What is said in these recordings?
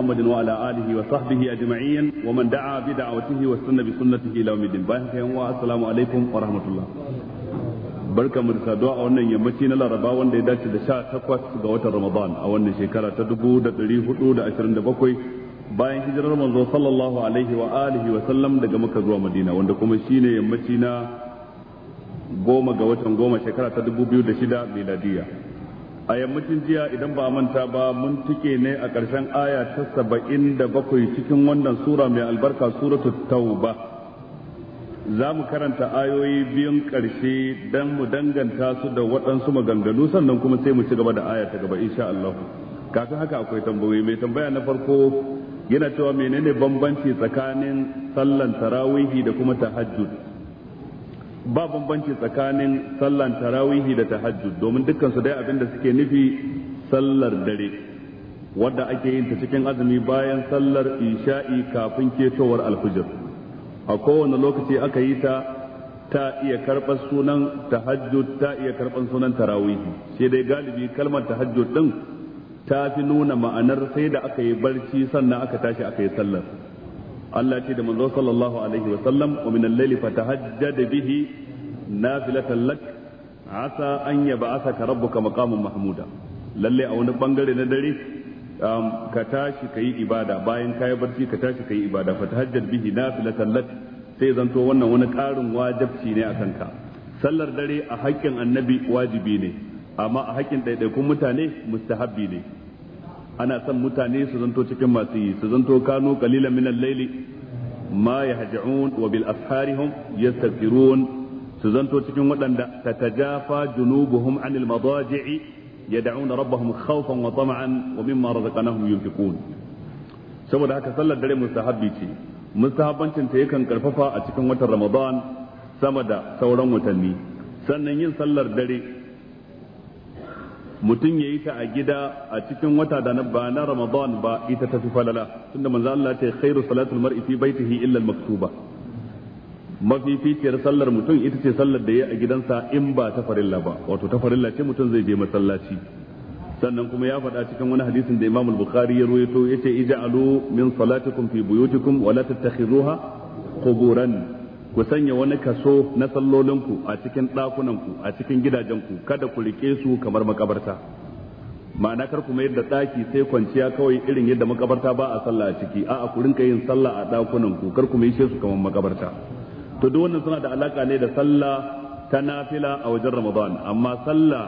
محمد وعلى آله وصحبه أجمعين ومن دعا بدعوته واستنى بسنته إلى يوم الدين بايحك السلام عليكم ورحمة الله barka mu da saduwa a wannan yammaci na laraba wanda ya dace da sha takwas ga watan ramadan a wannan shekara ta dubu da ɗari hudu da ashirin bayan hijirar manzo sallallahu alaihi wa alihi wa sallam daga maka zuwa madina wanda kuma shine yammaci na goma ga watan goma shekara ta dubu biyu da shida miladiyya a yammacin jiya idan ba manta ba mun tuke ne a ƙarshen aya ta saba'in da bakwai cikin wannan sura mai albarka suratul tauba za mu karanta ayoyi biyun ƙarshe don mu danganta su da waɗansu maganganu sannan kuma sai mu ci gaba da aya ta gaba insha Allah kafin haka akwai tambayoyi mai tambaya na farko yana cewa menene bambanci tsakanin sallan tarawihi da kuma tahajjud ba bambanci tsakanin sallar tarawihi da tahajjud domin dukkan su dai abin da suke nufi sallar dare wadda ake yin ta cikin azumi bayan sallar isha'i kafin ketowar alfijir a kowane lokaci aka yi ta ta iya karɓar sunan tahajjud ta iya karɓar sunan tarawihi sai dai galibi kalmar tahajjud din ta fi nuna ma'anar sai da aka yi barci sannan aka tashi aka yi sallar Allah ce da manzo sallallahu alaihi wa sallam wa min al-layli fatahajjad bihi nafilatan lak asa an yab'athaka rabbuka maqaman mahmuda lalle a wani bangare na dare um, ka tashi kayi ibada bayan kayi barci ka tashi kayi ibada fatahajjad bihi nafilatan lak sai zanto wannan wani karin wajibci ne akan ka sallar dare a haƙƙin annabi wajibi ne amma a haƙƙin ɗaiɗaikun mutane mustahabbi ne ana son mutane su zanto cikin masu yi su zanto kanu qalilan min al-layli ma yahja'un wa bil asharihum yastaghfirun su zanto cikin waɗanda tatajafa junubuhum anil madaji'i da'una rabbahum khawfan wa tam'an wa mimma razaqnahum yunfiqun saboda haka sallar dare mustahabbi ce mustahabbancin ta yakan karfafa a cikin watan Ramadan sama da sauran watanni sannan yin sallar dare mutum ya yi ta a gida a cikin wata da ba na ramadan ba ita ta fi falala tunda manzo Allah ta khairu salatul mar'i fi baitihi illa al-maktuba mafificiyar sallar mutum ita ce sallar da ya a gidansa in ba ta farilla ba wato ta farilla ce mutum zai je masallaci sannan kuma ya faɗa cikin wani hadisin da Imam al-Bukhari ya ruwaito yace ij'alu min salatikum fi buyutikum wa la tattakhizuha quburan ku sanya wani kaso na sallolinku a cikin ɗakunanku a cikin gidajenku kada ku riƙe su kamar makabarta ma'ana kar ku mayar da ɗaki sai kwanciya kawai irin yadda makabarta ba a sallah a ciki a'a ku rinka yin sallah a ɗakunanku kar ku mai su kamar makabarta to duk wannan suna da alaka ne da sallah ta nafila a wajen ramadan amma sallah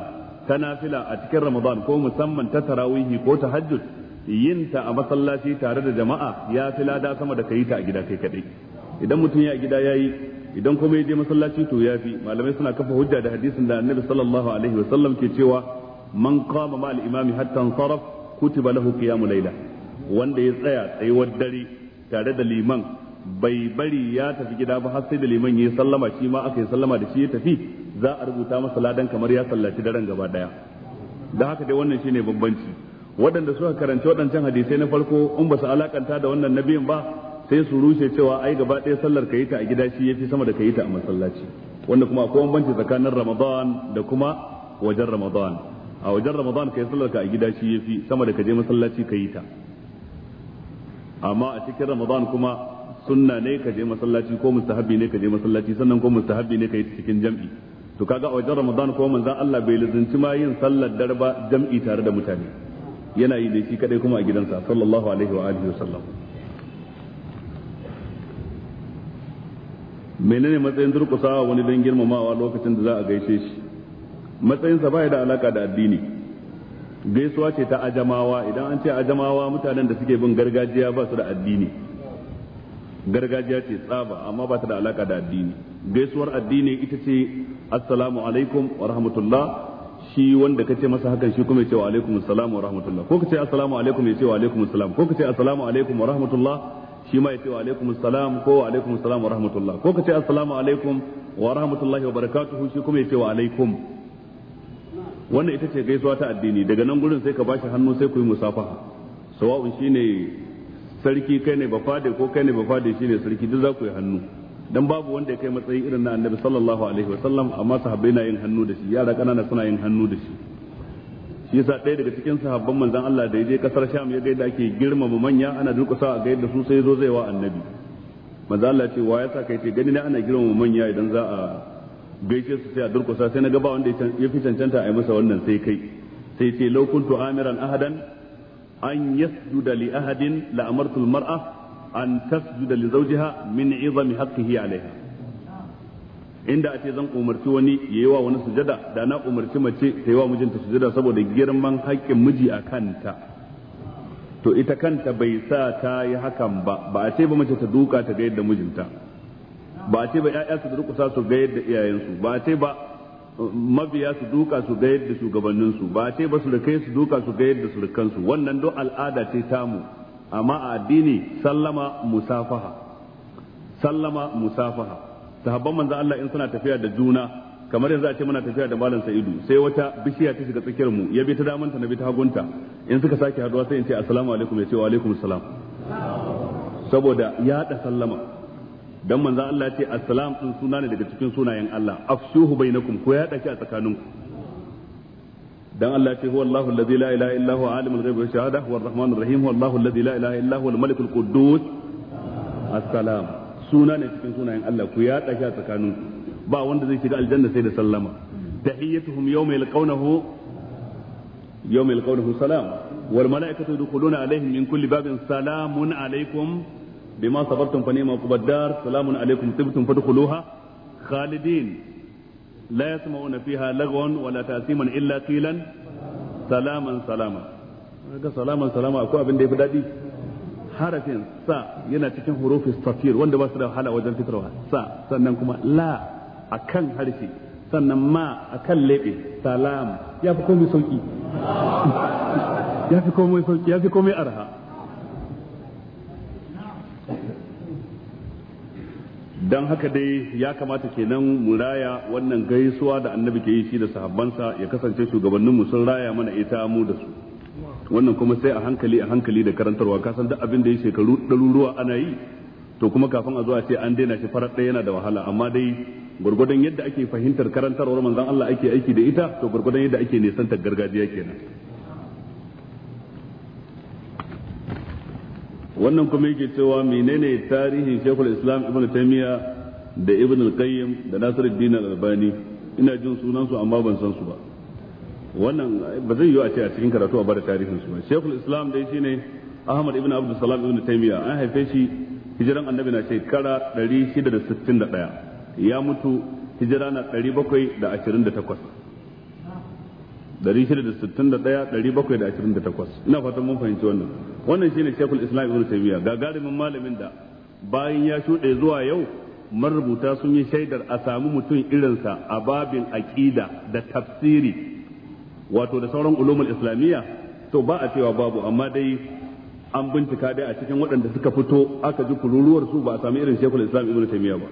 ta nafila a cikin ramadan ko musamman ta tarawihi ko ta hajjud yinta a masallaci tare da jama'a ya fi lada sama da ka yi ta a gida kai kaɗai idan mutum ya gida yayi idan kuma ya je masallaci to ya fi malamai suna kafa hujja da hadisin da annabi sallallahu alaihi wa sallam ke cewa man qama ma al-imami hatta sarf kutiba lahu qiyamul layla wanda ya tsaya tsayuwar dare tare da liman bai bari ya tafi gida ba har sai da liman ya sallama shi ma aka yi sallama da shi ya tafi za a rubuta masa ladan kamar ya sallaci daren gaba daya da haka dai wannan shine bambanci waɗanda suka karanci waɗancan hadisai na farko in ba su alakanta da wannan nabiyin ba sai su rushe cewa ai gaba ɗaya sallar ka yi ta a gida shi yafi sama da ka yi ta a masallaci wanda kuma akwai bambanci tsakanin ramadan da kuma wajen ramadan a wajen ramadan ka yi sallar ka a gida shi yafi sama da ka je masallaci ka yi ta amma a cikin ramadan kuma sunna ne ka je masallaci ko mustahabi ne ka je masallaci sannan ko mustahabi ne ka yi cikin jam'i to kaga a wajen ramadan ko manzon Allah bai lazunci ma yin sallar darba jam'i tare da mutane yana yi da shi kadai kuma a gidansa sallallahu alaihi wa alihi wasallam menene matsayin durkusawa wani don girmamawa lokacin da za a gaishe shi matsayinsa ba da alaka da addini gaisuwa ce ta ajamawa idan an ce ajamawa mutanen da suke bin gargajiya ba su da addini gargajiya ce tsaba amma ba ta da alaka da addini gaisuwar addini ita ce assalamu alaikum wa rahmatullah shi wanda kace masa hakan shi kuma ya ce wa alaikum assalam wa rahmatullah ko kace assalamu alaikum ya ce wa alaikum assalam ko kace assalamu alaikum wa rahmatullah shi ma ya ce wa alaikum salam ko wa alaikum salam wa rahmatullah ko ka ce assalamu alaikum wa rahmatullahi wa barakatuhu shi kuma ya ce wa alaikum wannan ita ce gaisuwa ta addini daga nan gurin sai ka bashi hannu sai ku yi musafaha sawa'un shine sarki kai ne bafade ko kai ne bafade shine sarki duk za ku yi hannu dan babu wanda ya kai matsayi irin na annabi sallallahu alaihi wa sallam amma sahabbai na yin hannu da shi yara kanana suna yin hannu da shi shi yasa ɗaya daga cikin sahabban manzon Allah da yaje kasar Sham ya gaida ake girmama manya ana durƙusa a gaida yadda su sai zo zai wa annabi manzon Allah ce wa yasa kai ce gani ne ana girmama manya idan za a gaishe su sai a durƙusa sai na ga ba wanda ya fi cancanta a yi masa wannan sai kai sai ce law kuntu amiran ahadan an yasjuda li ahadin la amartu mara an tasjuda li zawjiha min 'izami haqqihi 'alayha inda a ce zan umarci wani ya yi wa wani sujada da na umarci mace ta yi wa mijinta sujada saboda girman haƙƙin miji a kanta to ita kanta bai sa ta yi hakan ba ba a ce ba mace ta duka ta ga yadda mijinta ba a ce ba ƴaƴa su durƙusa su ga yadda iyayensu ba a ce ba mabiya su duka su ga yadda shugabanninsu ba a ce ba su da kai su duka su ga yadda surukansu wannan don al'ada ce tamu amma a addini sallama musafaha sallama musafaha sahabban manzo Allah in suna tafiya da juna kamar yanzu a ce muna tafiya da malam Sa'idu sai wata bishiya ta shiga tsakiyar mu ya bi ta damanta na bi ta hagunta in suka sake haduwa sai in ce assalamu alaikum ya ce wa alaikum salam saboda ya da sallama dan manzo Allah ya ce assalam din suna ne daga cikin sunayen Allah afshuhu bainakum ko ya dake a tsakaninku dan Allah ce huwa Allahu allazi la ilaha illa huwa alimul ghaibi wa shahada huwa arrahmanur rahim huwa Allahu allazi la ilaha illa huwa almalikul quddus assalam suna ne cikin sunayen Allah ku ya shi a tsakanin ba wanda zai shiga aljanna sai da sallama tahiyyatuhum yawma yalqawnahu yawma yalqawnahu salam wal malaikatu yadkhuluna alaihim min kulli babin salamun alaikum bima sabartum fa ni'ma salamun alaikum tibtum fadkhuluha khalidin salaman salama akwai abin da ya fi daɗi harafin sa yana cikin hurufin safir wanda ba su da wahala wajen fitarwa sa sannan kuma la a kan harshe sannan ma a kan leɓe salam ya fi komai sauki ya fi komai dan haka dai ya kamata kenan mu raya wannan gaisuwa da annabi ke yi shi da sahabbansa ya kasance shugabanninmu sun raya mana ita mu da su wannan kuma sai a hankali a hankali da karantarwa ka san duk abin da ya shekaru ɗaruruwa ana yi to kuma kafin a zo a ce an daina shi farar ɗaya yana da wahala amma dai gurgurdan yadda ake fahimtar karantarwar manzon Allah ake aiki da ita to gurgurdan yadda ake ta gargajiya kenan wannan kuma yake cewa menene tarihin Sheikhul Islam Ibn Taymiyyah da Ibn Al-Qayyim da Nasiruddin Al-Albani ina jin sunan su amma ban san su ba wannan ba zai yiwu a ce a cikin karatu a bada tarihin su ba shekul islam dai shine ahmad ibn abdul salam ibn taymiya an haife shi hijiran annabi na shekara 661 ya mutu hijira na 728 661 ina fatan mun fahimci wannan wannan shine shekul islam ibn taymiya gagarumin malamin da bayan ya shuɗe zuwa yau marubuta sun yi shaidar a samu mutum irinsa a babin aƙida da tafsiri wato da sauran ulumul islamiyya to ba a cewa babu amma dai an bincika dai a cikin waɗanda suka fito aka ji kururuwar su ba a sami irin shekul islam ibn taymiya ba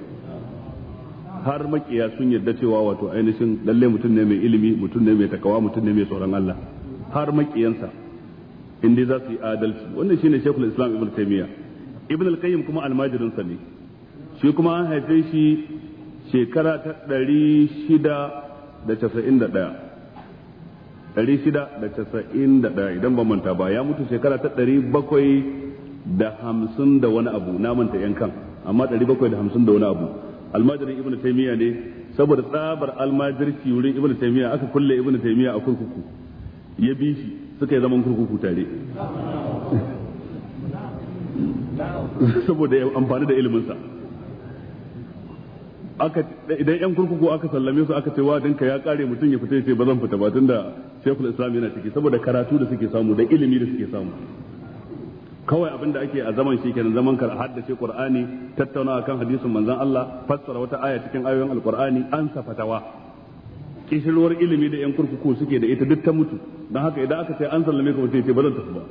har makiya sun yarda cewa wato ainihin lalle mutum ne mai ilimi mutum ne mai takawa mutum ne mai tsoron Allah har makiyansa in dai za su yi adalci wannan shine shekul islam ibn taymiya ibn al-qayyim kuma almajirin sa ne shi kuma an haife shi shekara ta 691 ɗari shida da casa'in da ɗaya idan ba manta ba ya mutu shekara ta ɗari bakwai da hamsin da wani abu na manta yan kan amma ɗari bakwai da hamsin da wani abu almajirin ibn taimiyya ne saboda tsabar almajirci wurin ibn taimiyya aka kulle ibn taimiyya a kurkuku ya bi shi suka yi zaman kurkuku tare saboda amfani da iliminsa aka idan yan kurkuku aka sallame su aka ce wa ka ya kare mutum ya fita ce ba zan fita ba tunda shekul islam yana ciki saboda karatu da suke samu da ilimi da suke samu kawai abin da ake a zaman shi kenan zaman kar haddace qur'ani tattauna akan hadisin manzon Allah fassara wata aya cikin ayoyin alqur'ani an fatawa kishirwar ilimi da yan kurkuku suke da ita duk ta mutu dan haka idan aka ce an sallame ka mutum ce ba zan tafi ba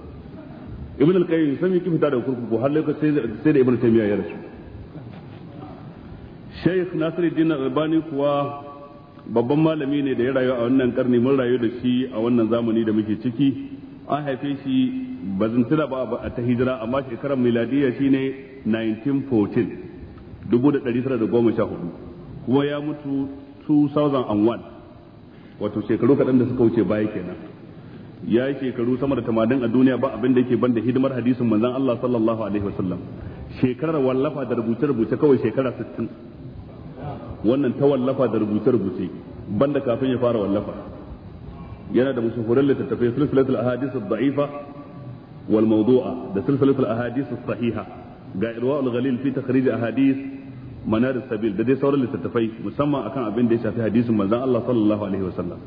ibn al-qayyim sai ki fita daga kurkuku har lokacin sai da ibn Taymiyyah ya rasu Sheikh Nasiruddin Albani kuwa babban malami ne da ya rayu a wannan karni mun rayu da shi a wannan zamani da muke ciki an haife shi ba zantuna ba a ta hijira amma shekarar miladiyya shine 1914 1914 kuma ya mutu 2001 wato shekaru kaɗan da suka wuce baya kenan ya yi shekaru sama da tamadin a duniya ba abin da yake ban da hidimar hadisin manzan Allah sallallahu alaihi wasallam shekarar wallafa da rubuce-rubuce kawai shekara 60 wannan ta wallafa da rubuce rubuce banda kafin ya fara wallafa yana da musahuran littattafai silsilatul ahadith ad-da'ifa wal mawdu'a da silsilatul ahadith as-sahiha ga al ghalil fi takhrij ahadith manar sabil da dai sauran littattafai musamman akan abin da ya shafi hadisin manzon Allah sallallahu alaihi wasallam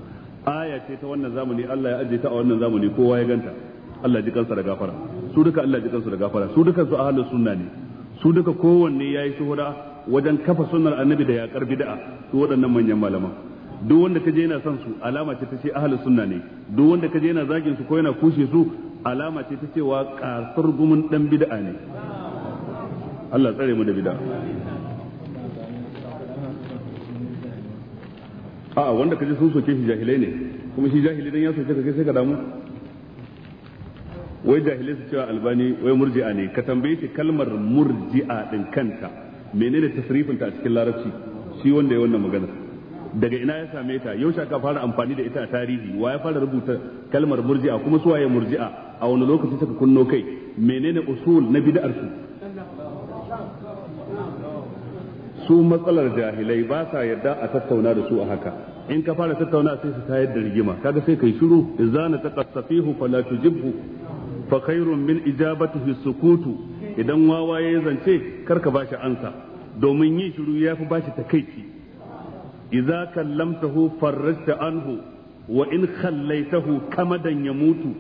aya ce ta wannan zamani Allah ya ajiye ta a wannan zamani kowa ya ganta Allah ji kansa da gafara su duka Allah ji kansu da gafara su duka su ahlus sunna ne su duka kowanne yayi shuhura wajen kafa sunnar annabi da yakar bid'a su waɗannan manyan malaman duk wanda kaje yana son su alama ce ta ce ahlus sunna ne duk wanda kaje yana zagin su ko yana kushe su alama ce ta cewa kasar gumin dan bid'a ne Allah tsare mu da bid'a a'a wanda kaje sun soke shi jahilai ne kuma shi jahili dan ya soke ka kai sai ka damu wai jahilai su cewa albani wai murji'a ne ka tambaye shi kalmar murji'a din kanta menene tasrifin ta a cikin larabci shi wanda ya wannan magana daga ina ya same ta yau shaka fara amfani da ita a tarihi wa ya fara rubuta kalmar murji'a kuma su waye murji'a a wani lokaci suka kunno kai menene usul na bid'ar su su matsalar jahilai ba sa yadda a tattauna da su a haka in ka fara tattauna sai su tayar da rigima kaga sai kai shiru izana taqassafihu fala tujibhu fa khairun min ijabatihi sukutu idan wawa ya zance karka ba shi ansa domin yin shiru ya fi ba shi takaici iza kallamtahu farrasta anhu wa in khallaitahu kamadan ya mutu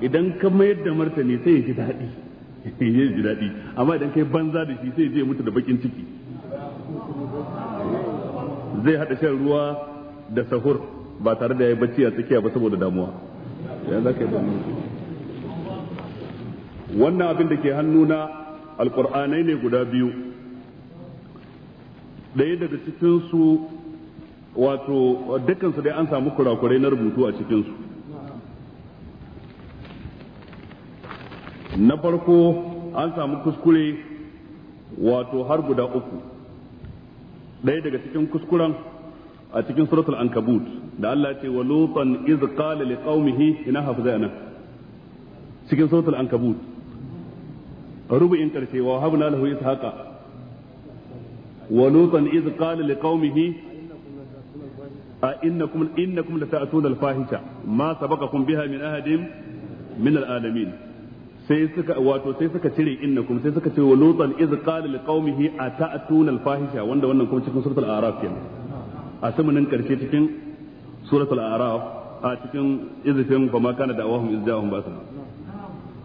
idan ka mayar da martani sai ya ji daɗi ya ji daɗi amma idan kai banza da shi sai ya je mutu da bakin ciki zai hada shan ruwa da sahur ba tare da ya yi bacci a tsakiya ba saboda damuwa ka yi damuwa wannan abin da ke hannuna alkur'anai ne guda biyu ɗaya daga cikinsu wato dukansu dai an samu kurakurai na rubutu a cikinsu na farko an samu kuskure wato har guda uku ɗaya daga cikin kuskuren a cikin suratul ankabut da Allah ce wa lutan iz qala liqaumihi ina hafiza ana cikin suratul ankabut rubu'in karshe wa habna lahu ishaqa wa lutan iz qala liqaumihi a innakum innakum lata'tuna al-fahisha ma sabaqakum biha min sai suka wato sai suka cire innakum sai suka ce wa iz qala liqaumihi ata'tuna al-fahisha wanda wannan kuma cikin suratul a'raf kenan a samanin karshe cikin suratul a'raf a cikin izifin fa ma kana da'awahum iz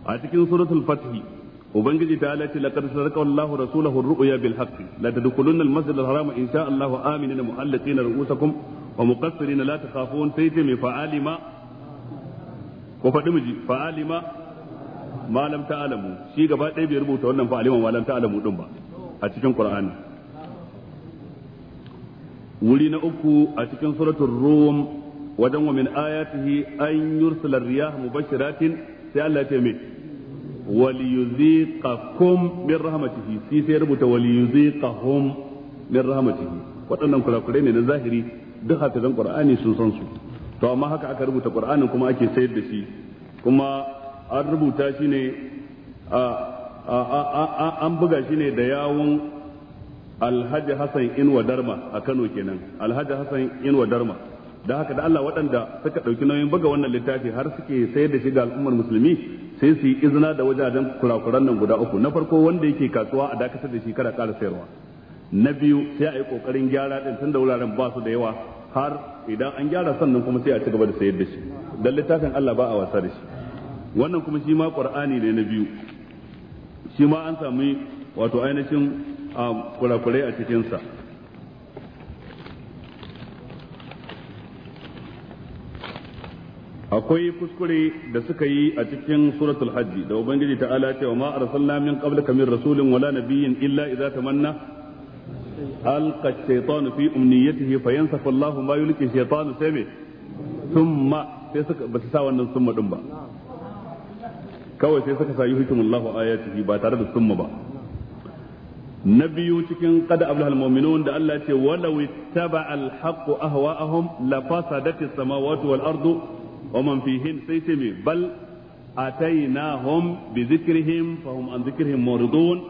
a cikin suratul fath ubangiji ta alati laqad sadaqa Allahu rasulahu ar-ru'ya bil haqq la tadkhulunna al-masjid al-haram in sha Allahu aminina mu'allaqina ru'usakum wa muqassirina la takhafun sai ce mai fa'alima ko faɗi miji fa'alima ma lam ta'lamu shi gaba ɗaya bai rubuta wannan fa'alima ma lam ta'lamu din ba a cikin Qur'ani wuri na uku a cikin suratul rum wajen wa min ayatihi an yursala riyah mubashiratin sai Allah ya ce mai waliyuziqakum min rahmatihi si sai rubuta waliyuziqahum min rahmatihi waɗannan kurakurai ne na zahiri duk hafizan qur'ani sun san su to amma haka aka rubuta qur'anin kuma ake sayar da shi kuma an rubuta shi ne an buga shi ne da yawun alhaji hassan inwa darma a kano kenan alhaji hassan inwa darma da haka da Allah waɗanda suka ɗauki nauyin buga wannan littafi har suke sayar da shi ga al'ummar musulmi sai su yi izina da wajajen kurakuran nan guda uku na farko wanda yake kasuwa a dakatar da shi kada ƙara sayarwa na biyu sai a yi ƙoƙarin gyara ɗin tun da wuraren ba su da yawa har idan an gyara sannan kuma sai a ci gaba da sayar da shi don littafin Allah ba a wasa da shi wannan kuma shi ma ƙur'ani ne na biyu shi ma an sami wato ainihin ah, kurakurai a cikinsa akwai kuskure da suka yi a cikin suratul hajji da ubangiji ta'ala cewa ma arsalna min qablika min rasulin wala nabiyyin illa idza tamanna alqa shaytanu fi umniyatihi fayansafu Allahu ma yulqi shaytanu sai me thumma sai suka ba sa wannan summa din ba kawai sai suka sa yuhkumullahu ayatihi ba tare da summa ba na biyu cikin qad aflaha almu'minun da Allah ya ce walaw ittaba alhaqqu ahwa'ahum lafasadatis samawati wal ardu wa fihin sai ce me bal atainahum bi zikrihim fa hum an zikrihim muridun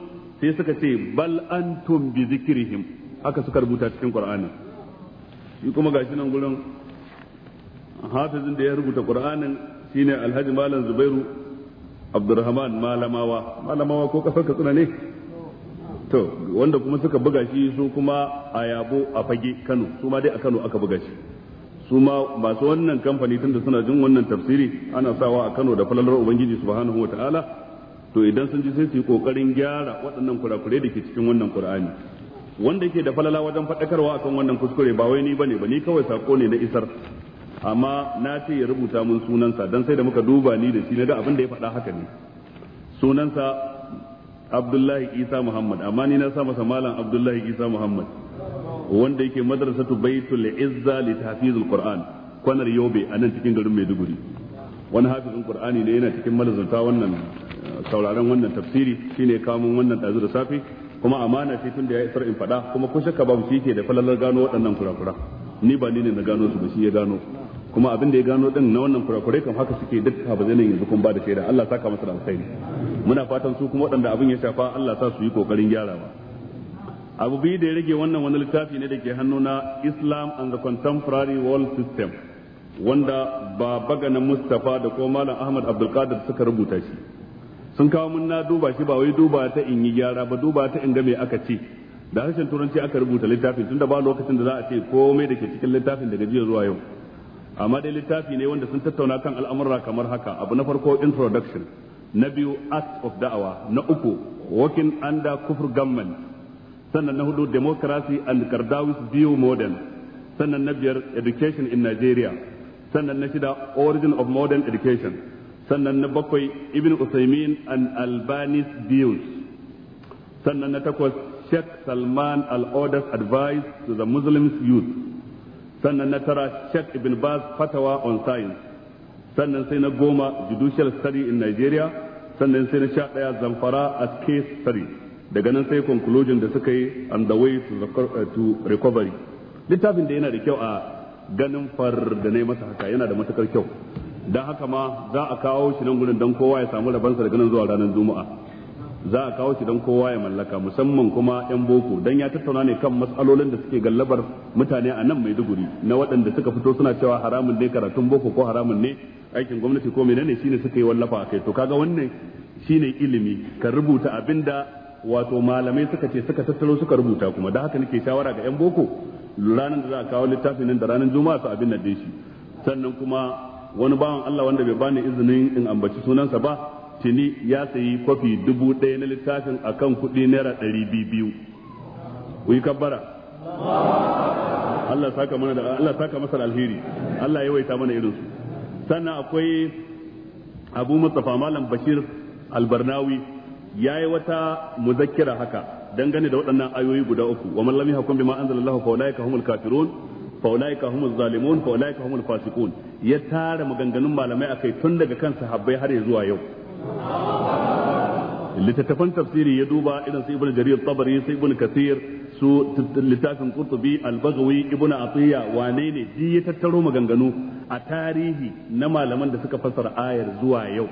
sai suka ce bal antum bi zikrihim haka suka rubuta cikin qur'ani shi kuma gashi nan gurin hafizin da ya rubuta qur'anin shine alhaji malam zubairu abdurrahman malamawa malamawa ko kasar katsina ne to wanda kuma suka buga shi su kuma a yabo a fage kano su dai a kano aka buga shi su ma masu wannan kamfani tunda suna jin wannan tafsiri ana sawa a Kano da falalar ubangiji subhanahu wa ta'ala, to idan sun ji sai su yi kokarin gyara waɗannan kurakurai da ke cikin wannan Qur'ani wanda yake da falala wajen faɗakarwa akan wannan kuskure ba wai ni bane ba ni kawai sako ne na isar amma na ce ya rubuta mun sunansa dan sai da muka duba ni da shi na ga abin da ya faɗa haka ne sunansa Abdullahi Isa Muhammad amma ni na sa masa malam Abdullahi Isa Muhammad wanda yake madrasatu baitul izza li tahfizul qur'an kwanar yobe a nan cikin garin maiduguri wani hafizin qur'ani ne yana cikin malazanta wannan eh, sauraron wannan tafsiri shine kamun wannan dazu da safi kuma amana ce tun da ya isar in fada kuma ko shakka babu shi ke da falalar gano waɗannan kurakura ni ba ni ne na gano su ba shi ya gano kuma abin da ya gano din na wannan kurakurai kan haka suke duk ba zai yanzu kun ba da shaida Allah saka masa da alkhairi muna fatan su kuma waɗanda abin ya shafa Allah sa su yi kokarin gyarawa abu biyu da ya rage wannan wani littafi ne da ke hannu na islam and the contemporary world system wanda ba baganan mustafa da ko malam ahmad abdulkadir suka rubuta shi sun kawo mun na duba shi ba wai duba ta in yi gyara ba duba ta in ga me aka ce da harshen turanci aka rubuta littafin tunda ba lokacin da za a ce komai da ke cikin littafin daga jiya zuwa yau amma dai littafi ne wanda sun tattauna kan al'amurra kamar haka abu na farko introduction na biyu act of da'awa na uku working under kufur government sannan na hudu democracy and Kardawi's view model sannan na biyar education in Nigeria sannan na shida origin of modern education sannan na bakwai ibn Usaimin and Albani's views sannan na takwas Sheikh Salman al-Oda's advice to the Muslims youth sannan na tara Sheikh Ibn Baz fatawa on science sannan sai na goma judicial study in Nigeria sannan sai na sha daya zamfara as case study daga nan sai conclusion da suka yi on the way eh, to recovery littafin da yana da kyau a ganin far da na masa haka yana da matukar kyau don haka ma za a kawo shi nan gurin don kowa ya samu rabansa daga nan zuwa ranar juma'a za a kawo shi don kowa ya mallaka musamman kuma yan boko don ya tattauna ne kan matsalolin da suke gallabar mutane a nan mai duguri. na waɗanda suka fito suna cewa haramun ne karatun boko ko haramun ne aikin gwamnati ko menene shine suka yi wallafa a kai to kaga wannan shine ilimi ka rubuta abinda wato malamai suka ce suka tattalo suka rubuta kuma da haka nake shawara ga yan boko ranar da za a kawo littafin nan da ranar juma'a su abin nan shi sannan kuma wani bawan Allah wanda bai bani izinin in ambaci sunansa ba tuni ya sayi kwafi dubu ɗaya na littafin akan kuɗi naira ɗari biyu yi kabbara Allah saka mana da Allah saka masa alheri Allah ya waita mana irin su. sannan akwai Abu Mustafa Malam Bashir Albarnawi yi wata muzakkira haka dangane da waɗannan ayoyi guda uku wa man lam yahkum anzala anzalallahu fa ulaika humul kafirun fa ulaika humuz zalimun fa ulaika humul fasiqun ya tara maganganun malamai akai tun daga kan sahabbai har zuwa yau littattafan tafsiri ya duba irin su ibnu jarir tabari su ibnu kasir su littafin qurtubi al-baghawi ibnu atiya wane ne ji ya tattaro maganganu a tarihi na malaman da suka fassara ayar zuwa yau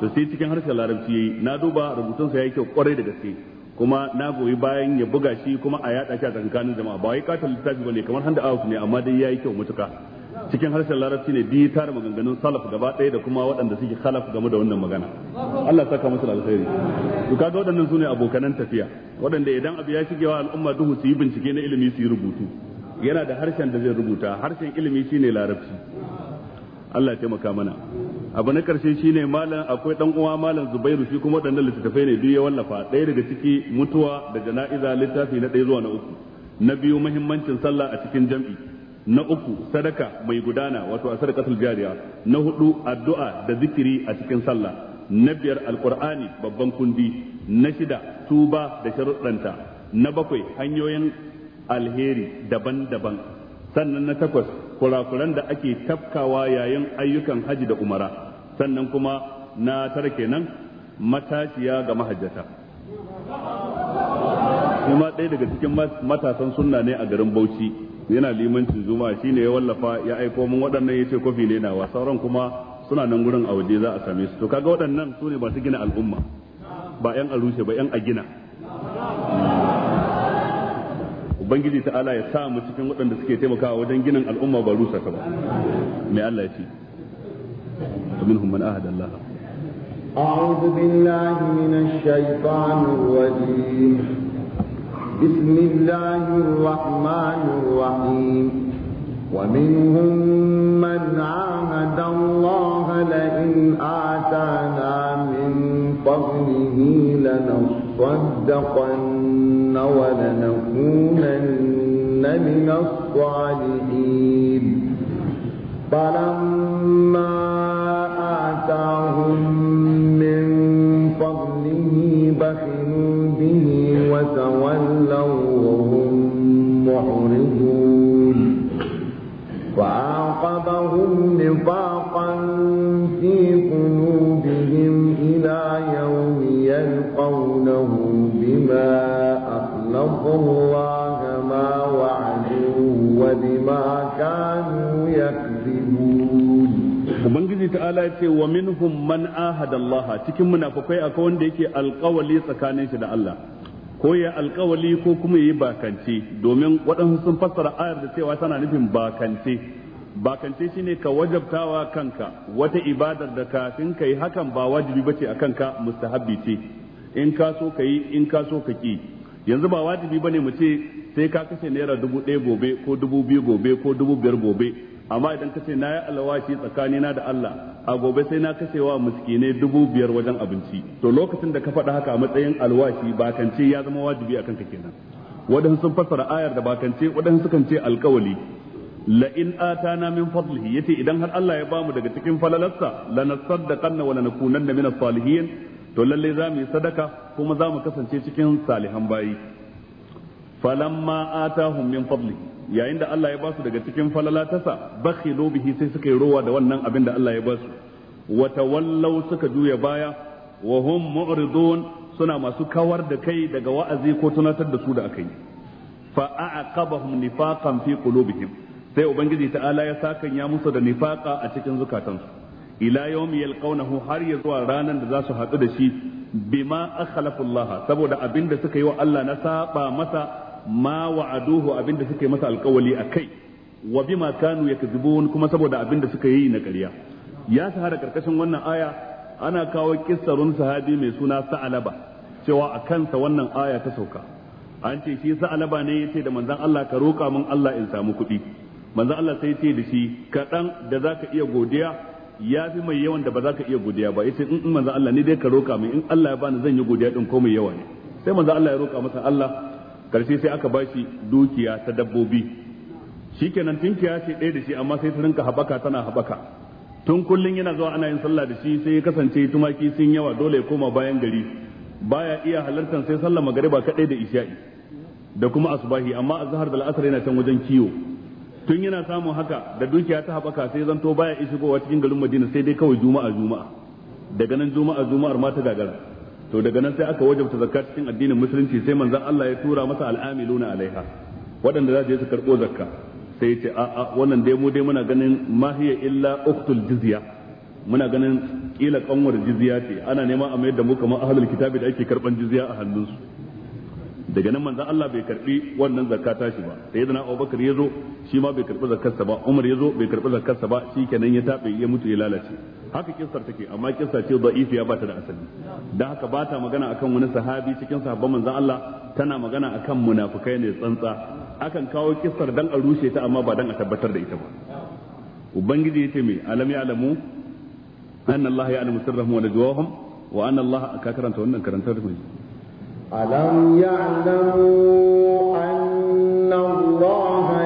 to sai cikin harshen larabci yayi na duba rubutun sa yayi kyau kwarai da gaske kuma na goyi bayan ya buga shi kuma a yada shi a tsakanin jama'a ba wai katon littafi bane kamar handa awus ne amma dai yayi kyau mutuka cikin harshen larabci ne bi tare maganganun salaf gaba ɗaya da kuma waɗanda suke khalaf game da wannan magana Allah saka musu alkhairi to kaga waɗannan sune abokanan tafiya waɗanda idan abu ya shige wa al'umma duhu su yi bincike na ilimi su yi rubutu yana da harshen da zai rubuta harshen ilimi shine larabci Allah ya taimaka mana abu na karshe shine malam akwai dan uwa malam Zubairu shi kuma wadannan littattafai ne duk ya wallafa ɗaya daga ciki mutuwa da jana'iza littafi na ɗaya zuwa na uku na biyu muhimmancin sallah a cikin jam'i na uku sadaka mai gudana wato a sadakatul jariya na hudu addu'a da zikiri a cikin sallah na biyar alqur'ani babban kundi na shida tuba da sharuɗanta na bakwai hanyoyin alheri daban-daban sannan na takwas kurakuran da ake tafkawa yayin ayyukan haji da umara sannan kuma na tara kenan matashiya ga mahajjata kuma ɗaya daga cikin matasan sunna ne a garin bauchi yana limancin zuma shi ne ya wallafa ya aiko min waɗannan ya ce kofi ne nawa sauran kuma suna nan gurin a waje za a same su to kaga waɗannan su ne masu gina al'umma ba 'yan a rushe ba 'yan a gina ubangiji ta ta'ala ya sa mu cikin waɗanda suke taimakawa wajen ginin al'umma ba rusa ta ba mai Allah ya ce minhum man ahad Allah أعوذ بالله من الشيطان الرجيم بسم الله الرحمن الرحيم ومنهم من عاهد الله لئن آتانا من فضله لنصدقن ولنكن لأكونن من الصالحين فلما آتاهم من فضله بخلوا به وتولوا وهم معرضون فعاقبهم نفاقا في قلوبهم إلى يوم يلقونه بما أخلفوا Ubangiji ta'ala ya ce wa minhum man ahada Allah cikin munafukai akwai wanda yake alkawali tsakanin shi da Allah ko ya alkawali ko kuma yi bakance domin waɗansu sun fassara ayar da cewa tana nufin bakance bakance shine ka wajabtawa kanka wata ibadar da kafin kai hakan ba wajibi bace a kanka mustahabbi ce in ka so ka yi in ka so ka ki yanzu ba wajibi bane mu ce sai ka kashe naira dubu ɗaya gobe ko dubu biyu gobe ko dubu biyar gobe amma idan ka ce na yi alawashi na da Allah a gobe sai na kashe wa miskinai dubu biyar wajen abinci to lokacin da ka faɗa haka a matsayin alwashi bakance ya zama wajibi a kanka kenan waɗansu sun fassara ayar da bakance waɗansu sukan ce alƙawali. la in atana min fadlihi yace idan har Allah ya bamu daga cikin falalarsa lanasaddaqanna wa lanakunanna min as-salihin to lalle za mu yi sadaka kuma za mu kasance cikin salihan bayi falamma atahum min fadlihi yayin da Allah ya basu daga cikin falala tasa bakhilu bihi sai suka yi rowa da wannan abin da Allah ya basu wa tawallaw suka juya baya wa hum mu'ridun suna masu kawar da kai daga wa'azi ko tunatar da su da akai fa a'aqabahum nifaqan fi qulubihim sai ubangiji ta'ala ya sakan ya musu da nifaqa a cikin zukatansu ila yawmi yalqawnahu har ya zuwa ranan da za su haɗu da shi bima akhlafu saboda saboda da suka yi wa Allah na saba masa ma wa'aduhu abinda suka yi masa alkawali akai wa bima kanu yakzibun kuma saboda abinda suka yi na ƙarya ya sahara karkashin wannan aya ana kawo kissarun sahabi mai suna sa'alaba cewa a kansa wannan aya ta sauka an ce shi sa'alaba ne yace da manzon Allah ka roƙa min Allah in samu kuɗi manzon Allah sai ce da shi kaɗan da zaka iya godiya ya fi mai yawan da ba za ka iya godiya ba yace in manzo Allah ne dai ka roƙa min in Allah ya bani zan yi godiya din ko mai yawa ne sai manzo Allah ya roƙa masa Allah karshe sai aka ba shi dukiya ta dabbobi shi shikenan tinkiya ce ɗaya da shi amma sai ta rinka haɓaka tana haɓaka tun kullum yana zuwa ana yin sallah da shi sai ya kasance tumaki sun yawa dole ya koma bayan gari baya iya halartar sai sallah ba kaɗai da isha'i da kuma asubahi amma a azhar da al'asar yana can wajen kiwo tun yana samun haka da dukiya ta haɓaka sai zanto baya ishigowa cikin garin Madina sai dai kawai juma'a juma'a daga nan juma'a juma'ar ma ta gagara to daga nan sai aka wajabta zakka cikin addinin musulunci sai manzon Allah ya tura masa al'amiluna alaiha waɗanda za su je su karɓo zakka sai ya ce a a wannan dai mu dai muna ganin mahiya illa uktul jizya muna ganin kila kanwar jizya ce ana nema a mayar da mu kamar ahlul kitabi da ake karban jizya a hannunsu daga nan manzon Allah bai karbi wannan zakata shi ba sayyidina Abubakar ya zo shi ma bai karbi zakarsa ba Umar ya zo bai karbi zakarsa ba shikenan ya tabe ya mutu ya lalace haka kissar take amma kissa ce da'ifiya ba ta da asali dan haka ba ta magana akan wani sahabi cikin sahabban manzon Allah tana magana akan munafukai ne tsantsa akan kawo kissar dan a rushe ta amma ba dan a tabbatar da ita ba ubangiji ya ce me alam ya alamu anna Allah ya alamu sirrahum wa najwahum wa anna Allah ka karanta wannan karantar da Ƙalam ya alamu annabu lorna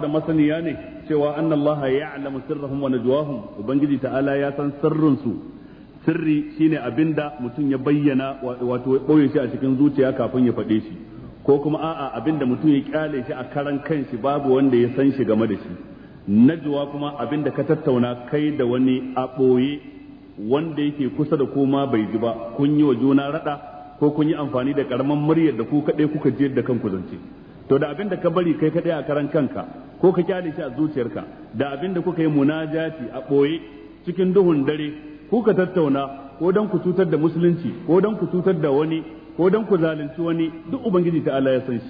da masaniya ne cewa annallaha ya alamu sirri rafun wana juwa wa ya san sirrinsu. Sirri shine ne abin da mutum ya bayyana wato ya bau shi a cikin zuciya kafin ya fade shi. ko kuma a'a abinda mutum ya kyale shi a karan kanshi babu wanda ya san shi game da shi najwa kuma abinda ka tattauna kai da wani a ɓoye wanda yake kusa da ma bai ji ba kun yi wa juna raɗa ko kun yi amfani da karaman muryar da ku kaɗai kuka jiyar da kanku zance to da abinda ka bari kai kaɗai a karan kanka ko ka kyale shi a zuciyarka da abinda kuka yi munajati a ɓoye cikin duhun dare kuka tattauna ko don ku cutar da musulunci ko don ku cutar da wani ko dan ku zalunci wani duk ubangiji ta Allah ya san shi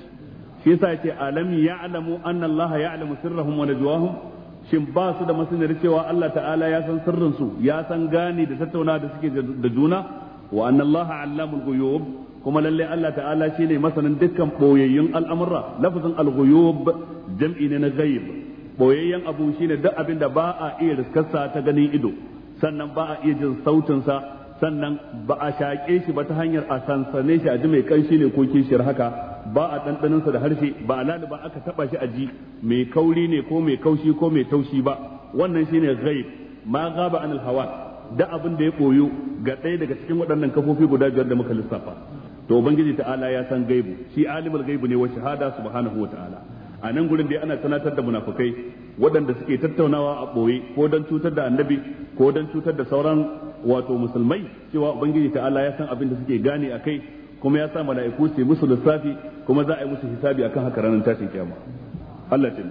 shi yasa yace alam ya'lamu anna Allah ya'lamu sirrahum wa najwahum shin ba su da masaniyar cewa Allah ta'ala ya san sirrin su ya san gane da tattauna da suke da juna wa anna Allah 'allamul ghuyub kuma lalle Allah ta'ala shine masanin dukkan boyayyun al'amura lafazin al-ghuyub jam'i ne na ghaib boyayyen abu shine duk abin da ba a iya riskarsa ta ganin ido sannan ba a iya jin sautin sa sannan ba a shaƙe shi ba ta hanyar a sansane shi a ji mai kanshi ne ko kishiyar haka ba a ɗanɗaninsa da harshe ba a laliba aka taɓa shi a ji mai kauri ne ko mai kaushi ko mai taushi ba wannan shi ne ghaib ma gaba an hawa da abin da ya koyo ga ɗaya daga cikin waɗannan kafofi guda biyar da muka lissafa to ubangiji ta'ala ya san gaibu shi alimul gaibu ne wa shahada subhanahu wa ta'ala a nan gurin dai ana sanatar da munafukai waɗanda suke tattaunawa a ɓoye ko don cutar da annabi ko don cutar da sauran wato musulmai cewa ubangiji ta'ala ya san abin da suke gane a kai kuma ya sa mala'iku su musu lissafi kuma za a yi musu hisabi akan haka ranar tashin kiyama Allah ta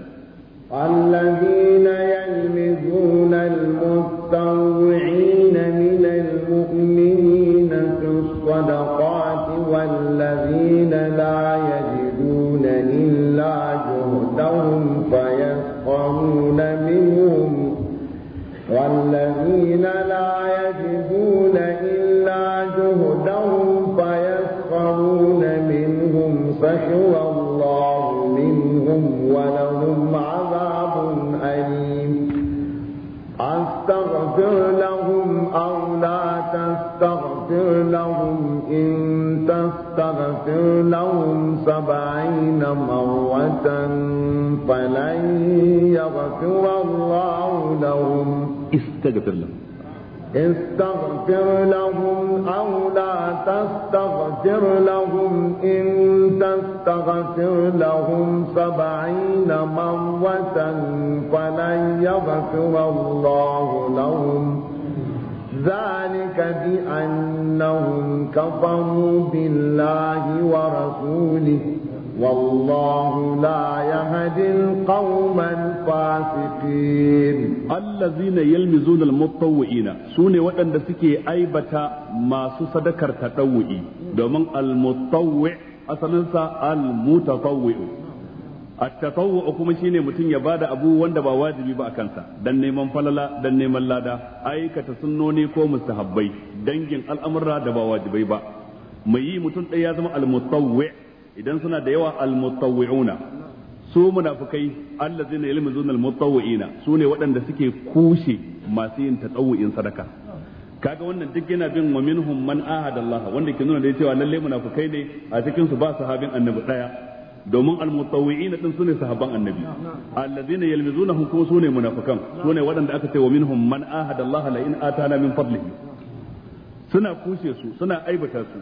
الذين يلمزون المتطوعين من المؤمنين في الصدقات والذين لا يجدون إلا فيسخرون منهم سخر الله منهم ولهم عذاب أليم أستغفر لهم أو لا تستغفر لهم إن تستغفر لهم سبعين مرة فلن يغفر الله لهم استغفر لهم استغفر لهم أو لا تستغفر لهم إن تستغفر لهم سبعين مرة فلن يغفر الله لهم ذلك بأنهم كفروا بالله ورسوله والله لا يهدي القوم الفاسقين الذين يلمزون المتطوعين سوني وأن سكي أيبة ما سدكر تطوعي دومن المتطوع أصلا المتطوع التطوع kuma shine mutum ya ba da abu wanda ba wajibi ba a kansa dan neman falala dan neman lada aikata sunnoni ko mustahabbai dangin al'amurra da ba wajibai ba mai yi mutum ɗaya ya zama al-mutawwi' idan suna da yawa almutawwi'una su munafikai allazina yalmizuna almutawwi'ina su ne waɗanda suke kushe masu yin tatawu'in sadaka kaga wannan duk yana bin wa minhum man ahada Allah wanda ke nuna da cewa lalle munafukai ne a cikin su ba sahabin annabi daya domin almutawwi'ina din sune sahabban annabi allazina yalmizunahum kuma sune munafikan sune waɗanda aka ce wa minhum man ahada Allah la in atana min fadlihi suna kushe su suna aibata su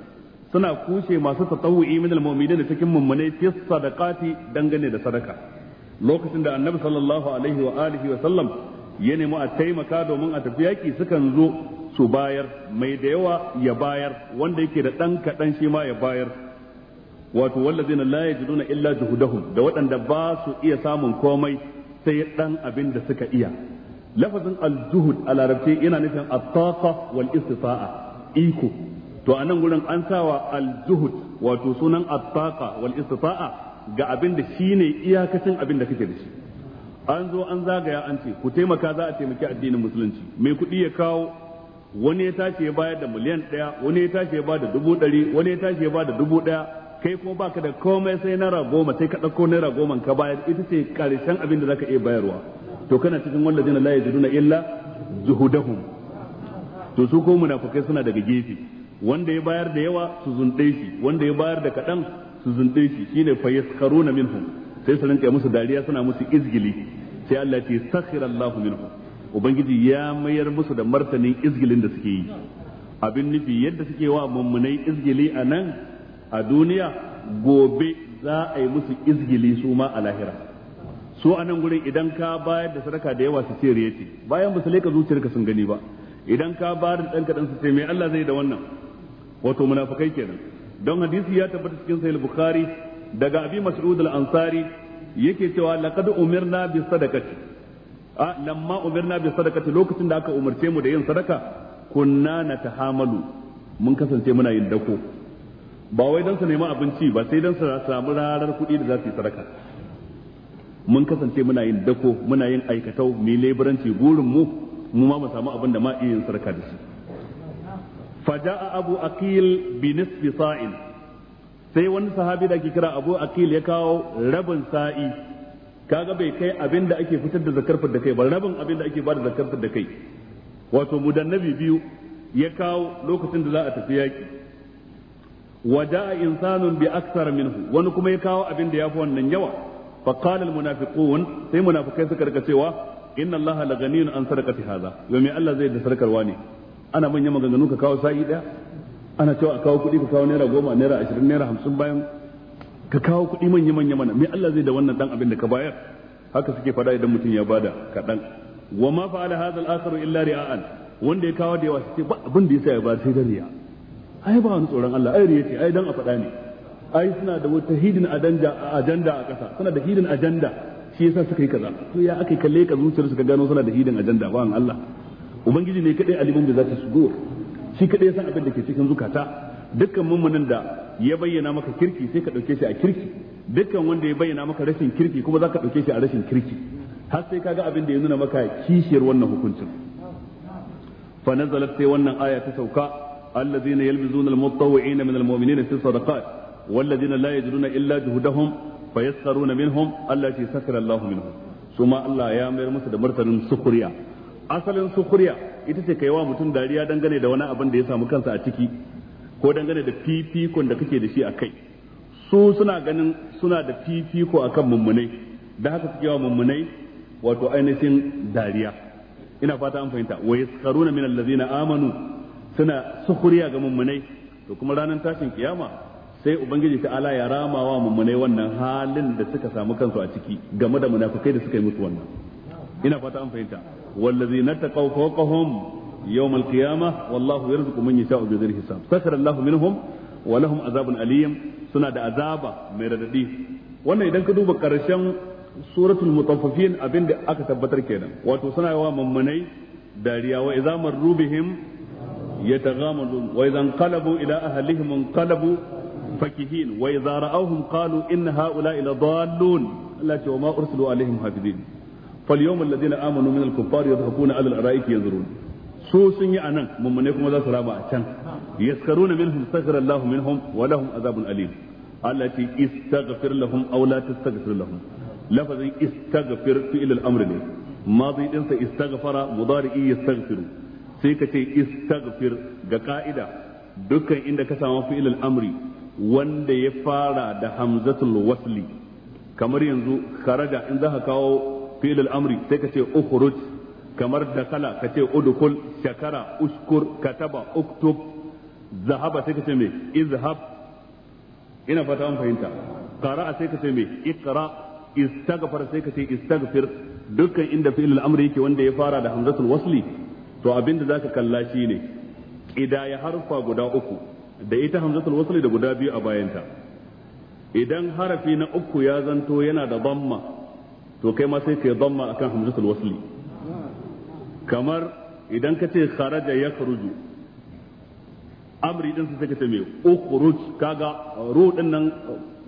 suna kushe masu tatawu'i min da cikin mummunai fi sadaqati dangane da sadaka lokacin da annabi sallallahu alaihi wa alihi wa sallam ya nemi a taimaka domin a tafi yaki sukan zo su bayar mai da yawa ya bayar wanda yake da dan kadan shi ma ya bayar wato wallazina la yajiduna illa juhudahum da waɗanda ba su iya samun komai sai dan abin da suka iya lafazin aljuhud a larabci yana nufin at-taqa wal istita'a iko to a nan gurin an sawa al-zuhud wato sunan at-taqa wal istita'a ga abin da shine iyakacin abin da kake da shi an zo an zagaya an ce ku taimaka za a taimaki addinin musulunci mai kuɗi ya kawo wani ya tashi ya bayar da miliyan ɗaya wani ya tashi ya ba da dubu ɗari wani ya tashi ya ba da dubu ɗaya kai kuma baka da komai sai naira goma sai ka ɗauko naira goma ka bayar ita ce ƙarshen abin da zaka iya bayarwa to kana cikin wallazina la yajiduna illa zuhudahum to su ko munafukai suna daga gefe wanda ya bayar da yawa su zunɗe shi wanda ya bayar da kaɗan su zunɗe shi shine fa yaskaruna minhum sai su rinka musu dariya suna musu izgili sai Allah ce sakhira Allahu minhum ubangiji ya mayar musu da martanin izgilin da suke yi abin nufi yadda suke wa mummunai izgili a nan a duniya gobe za a yi musu izgili su ma a lahira su a nan gurin idan ka bayar da sadaka da yawa su ce riyati bayan ba su leka zuciyarka sun gani ba idan ka bayar da ɗan kaɗan su ce me Allah zai da wannan wato munafikai kenan don hadisi ya tabbata cikin sahih bukhari daga abi mas'ud al-ansari yake cewa laqad umirna bi sadaqati a lamma umirna bi sadaqati lokacin da aka umarce mu da yin sadaka kunna natahamalu mun kasance muna yin dako ba wai dan su nemi abinci ba sai dan su samu rarar kuɗi da za su yi sadaka mun kasance muna yin dako muna yin aikatau mai leburanci burin mu mu ma mu samu abin da ma iya yin sadaka da su. faja'a abu aqil bi sa'in sai wani sahabi da ke kira abu aqil ya kawo rabin sa'i kaga bai kai abin da ake fitar da zakar da kai ba rabin abin da ake bada zakar da kai wato mudannabi biyu ya kawo lokacin da za a tafi yaki a insanun bi min minhu wani kuma ya kawo abin da yafi wannan yawa fa qala al munafiqun sai munafikai suka rika cewa inna allaha laganiyun an sadaqati hadha yau Allah zai da sarkarwa ne ana manyan maganganu ka kawo sa'i daya ana cewa a kawo kuɗi ka kawo naira goma naira ashirin naira hamsin bayan ka kawo kuɗi manya manya mana me Allah zai da wannan dan abin da ka bayar haka suke fada idan mutum ya bada kaɗan wa ma fa'ala hadha al-akharu illa ri'a'an wanda ya kawo da yawa sai ba abin da yasa ya ba sai da riya ai ba wani tsoron Allah ai riya ce ai dan a faɗa ne ai suna da wata hidden agenda a a ƙasa suna da hidden agenda shi yasa suka yi kaza to ya aka kalle ka zuciyar suka gano suna da hidden agenda ba Allah ubangiji ne kadai alimin da ta shigo shi kadai san abin da ke cikin zukata dukkan mummunan da ya bayyana maka kirki sai ka dauke shi a kirki dukkan wanda ya bayyana maka rashin kirki kuma ka dauke shi a rashin kirki har sai kaga abin da ya nuna maka kishiyar wannan hukuncin fa nazalat sai wannan aya ta sauka allazina yalmizuna almutawwi'ina min almu'minina fi sadaqat wallazina la yajiduna illa juhdahum fayassaruna minhum allati sakara Allahu minhum suma Allah ya mayar musu da martanin sukuriya asalin sukuriya ita ce kai wa mutum dariya dangane da wani abin da ya samu kansa a ciki ko dangane da fifikon da kake da shi a kai su suna ganin suna da fifiko kan mummunai da haka suke wa mummunai wato ainihin dariya ina fata an fahimta wa yaskaruna min allazina amanu suna sukuriya ga mummunai to kuma ranar tashin kiyama sai ubangiji ta ala ya rama wa mummunai wannan halin da suka samu kansu a ciki game da munafukai da suka yi musu wannan ina fata an fahimta والذين اتقوا فوقهم يوم القيامة والله يرزق من يشاء بغير حساب سخر الله منهم ولهم عذاب أليم سنة عذاب مرددي وانا إذا كدوب كرشان سورة المطففين أبين دي أكا تبتر كينا واتو سنة يوا ممني داريا وإذا مروا بهم يتغامضون وإذا انقلبوا إلى أهلهم انقلبوا فكهين وإذا رأوهم قالوا إن هؤلاء لضالون التي وما أرسلوا عليهم حافظين فاليوم الذين امنوا من الكفار يضحكون على الارائك ينظرون su sun yi anan mummune kuma za su rama a can yaskaruna minhum sakhara Allah minhum wa lahum azabun alim Allah istaghfir lahum aw la tastaghfir lahum lafazin istaghfir al-amr ne madi din sa istaghfara mudari'i yastaghfiru sai ka ce istaghfir ga ka'ida dukkan inda ka samu fi'il al-amri wanda ya fara da hamzatul wasli kamar yanzu kharaja in za ka kawo fi'il al-amri sai ka ce ukhruj kamar dakala ka ce udkhul shakara uskur kataba uktub zahaba sai ka ce me izhab ina fata an fahimta qara'a sai ka ce me iqra istaghfar sai ka ce istaghfir dukkan inda fi'il al-amri yake wanda ya fara da hamzatul wasli to abinda zaka kalla shi shine ya harfa guda uku da ita hamzatul wasli da guda biyu a bayanta idan harafi na uku ya zanto yana da bamma to kai ma sai ka yi dhamma akan hamzatul wasli kamar idan ka ce kharaja ya kharuju amri din sai ka ce me ukhruj kaga ru din nan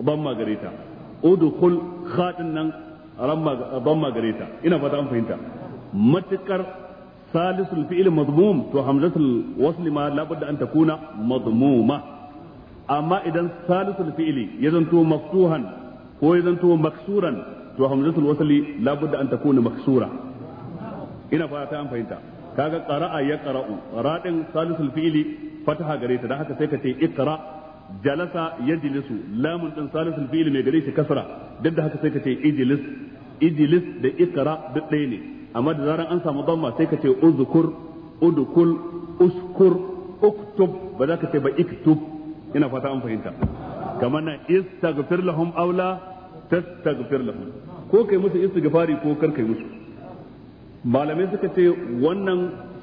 dhamma gare ta udkhul kha din nan dhamma gare ta ina fata an fahimta matukar salisul fi'il madmum to hamzatul wasli ma labudda an takuna madmuma amma idan salisul fi'ili ya zanto maftuhan ko ya zanto maksuran to hamzatul wasli labudda an takuna maksura ina fata an fahimta kaga qara'a ya qara'u radin salisul fi'li fataha gare ta dan haka sai ka ce iqra jalasa yajlisu lamun din salisul fi'li mai gare shi kasra duk da haka sai ka ce ijlis ijlis da iqra duk ɗaya ne amma da zaran an samu damma sai ka ce uzkur udkul uskur uktub ba za ka ce ba iktub ina fata an fahimta kamar na istaghfir lahum aula tastaghfir lahum ko kai musu istighfari ko kar kai musu malamai suka ce wannan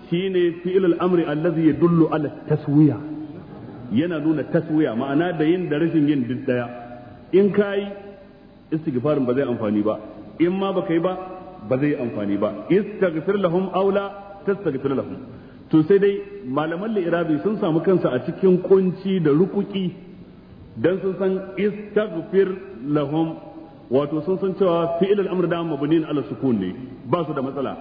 shine fi'il amri allazi yadullu ala taswiya yana nuna taswiya ma'ana da yin da rashin yin duk daya in kai istighfarin ba zai amfani ba in ma baka yi ba ba zai amfani ba istaghfir lahum aula tastaghfir lahum to sai dai malaman li'irabi sun samu kansa a cikin kunci da rukuki dan sun san istaghfir lahum wato sun san cewa fi'il al-amr da mabni ala sukun ne ba su da matsala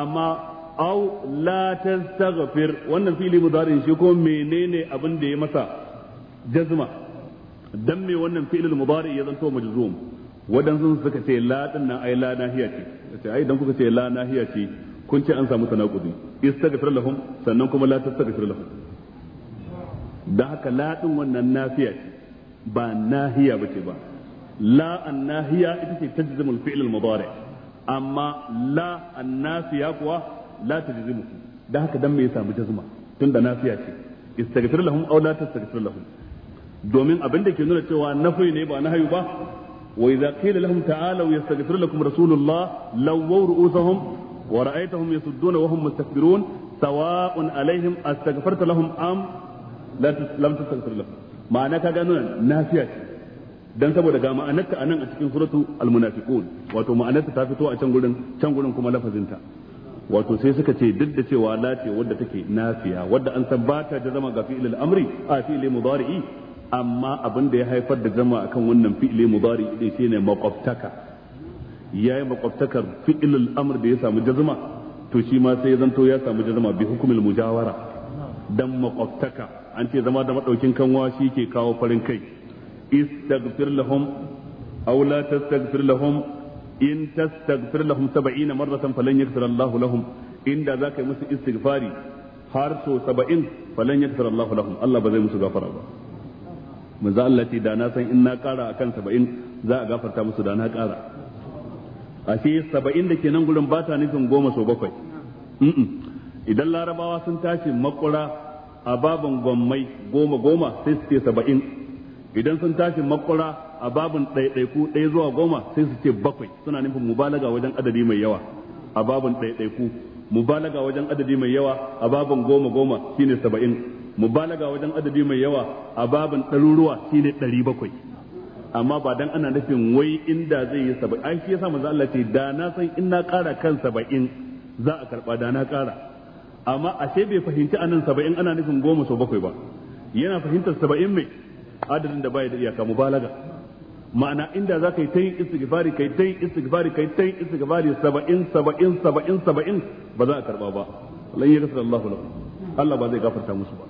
amma aw la tastaghfir wannan fi'ili mudari shi ko menene abin da ya masa jazma dan me wannan fi'il mudari ya zanto majzum wadansu suka ce la din nan ai la nahiya ce ai dan kuka ce la nahiya ce kun ce an samu tanakudi istaghfir lahum sannan kuma la tastaghfir lahum dan haka la din wannan nafiya ce ba nahiya bace ba la annahiya ita ce tajzimul fi'l al-mudari amma la annafiya kuwa la tajzimu dan haka dan me ya samu jazma tunda nafiya ce istaghfir lahum aw la tastaghfir lahum domin abin da ke nuna cewa nafi ne ba haihu ba wa idza qila lahum ta'alu yastaghfir lakum rasulullah lawaw ru'usahum wa ra'aytahum yasudduna wa hum mustakbirun sawa'un alaihim astaghfarta am la ma'ana kaga nuna nafiya dan saboda ga ma'anarta anan a cikin suratu almunafiqun wato ma'anarta ta fito a can gurin can gurin kuma ta wato sai suka ce duk da cewa la ce wadda take nafiya wadda an san bata ta zama ga fi'il al-amri a fi'il mudari'i amma abin da ya haifar da zama akan wannan fi'il mudari ne shine maqaftaka yayi maqaftakar fi'il al-amr da ya samu jazma to shi ma sai ya zanto ya samu jazma bi hukumil mujawara dan maqaftaka an ce zama da madaukin kanwa shi ke kawo farin kai استغفر لهم أو لا تستغفر لهم إن تستغفر لهم سبعين مرة فلن يغفر الله لهم إن ذاك يمس استغفاري حارسو سبعين فلن يغفر الله لهم الله بزي مسو غفر الله maza Allah ce da na san in na kara kan saba'in za a gafarta musu da na kara ashe saba'in da ke nan gudun ba ta nufin goma so bakwai idan larabawa sun tashi makura a baban gwammai goma goma sai su ce saba'in idan sun tashi makwara a babin ɗaiɗaiku ɗaya zuwa goma sai su ce bakwai suna nufin mubalaga wajen adadi mai yawa a babin ɗaiɗaiku mubalaga wajen adadi mai yawa a babin goma goma shine saba'in mubalaga wajen adadi mai yawa a babin ɗaruruwa shine ɗari bakwai amma ba dan ana nufin wai inda zai yi saba'in an shi yasa manzo Allah ce da na san in na ƙara kan saba'in za a karɓa da na ƙara amma ashe bai fahimci anan saba'in ana nufin goma sau bakwai ba yana fahimtar saba'in mai adadin da baya da iyaka mubalaga ma'ana inda za ka yi ta yin istighfari kai ta yin istighfari kai ta yin istighfari saba'in saba'in saba'in saba'in ba za a karba ba lan yaghfir Allahu lahu Allah ba zai gafarta musu ba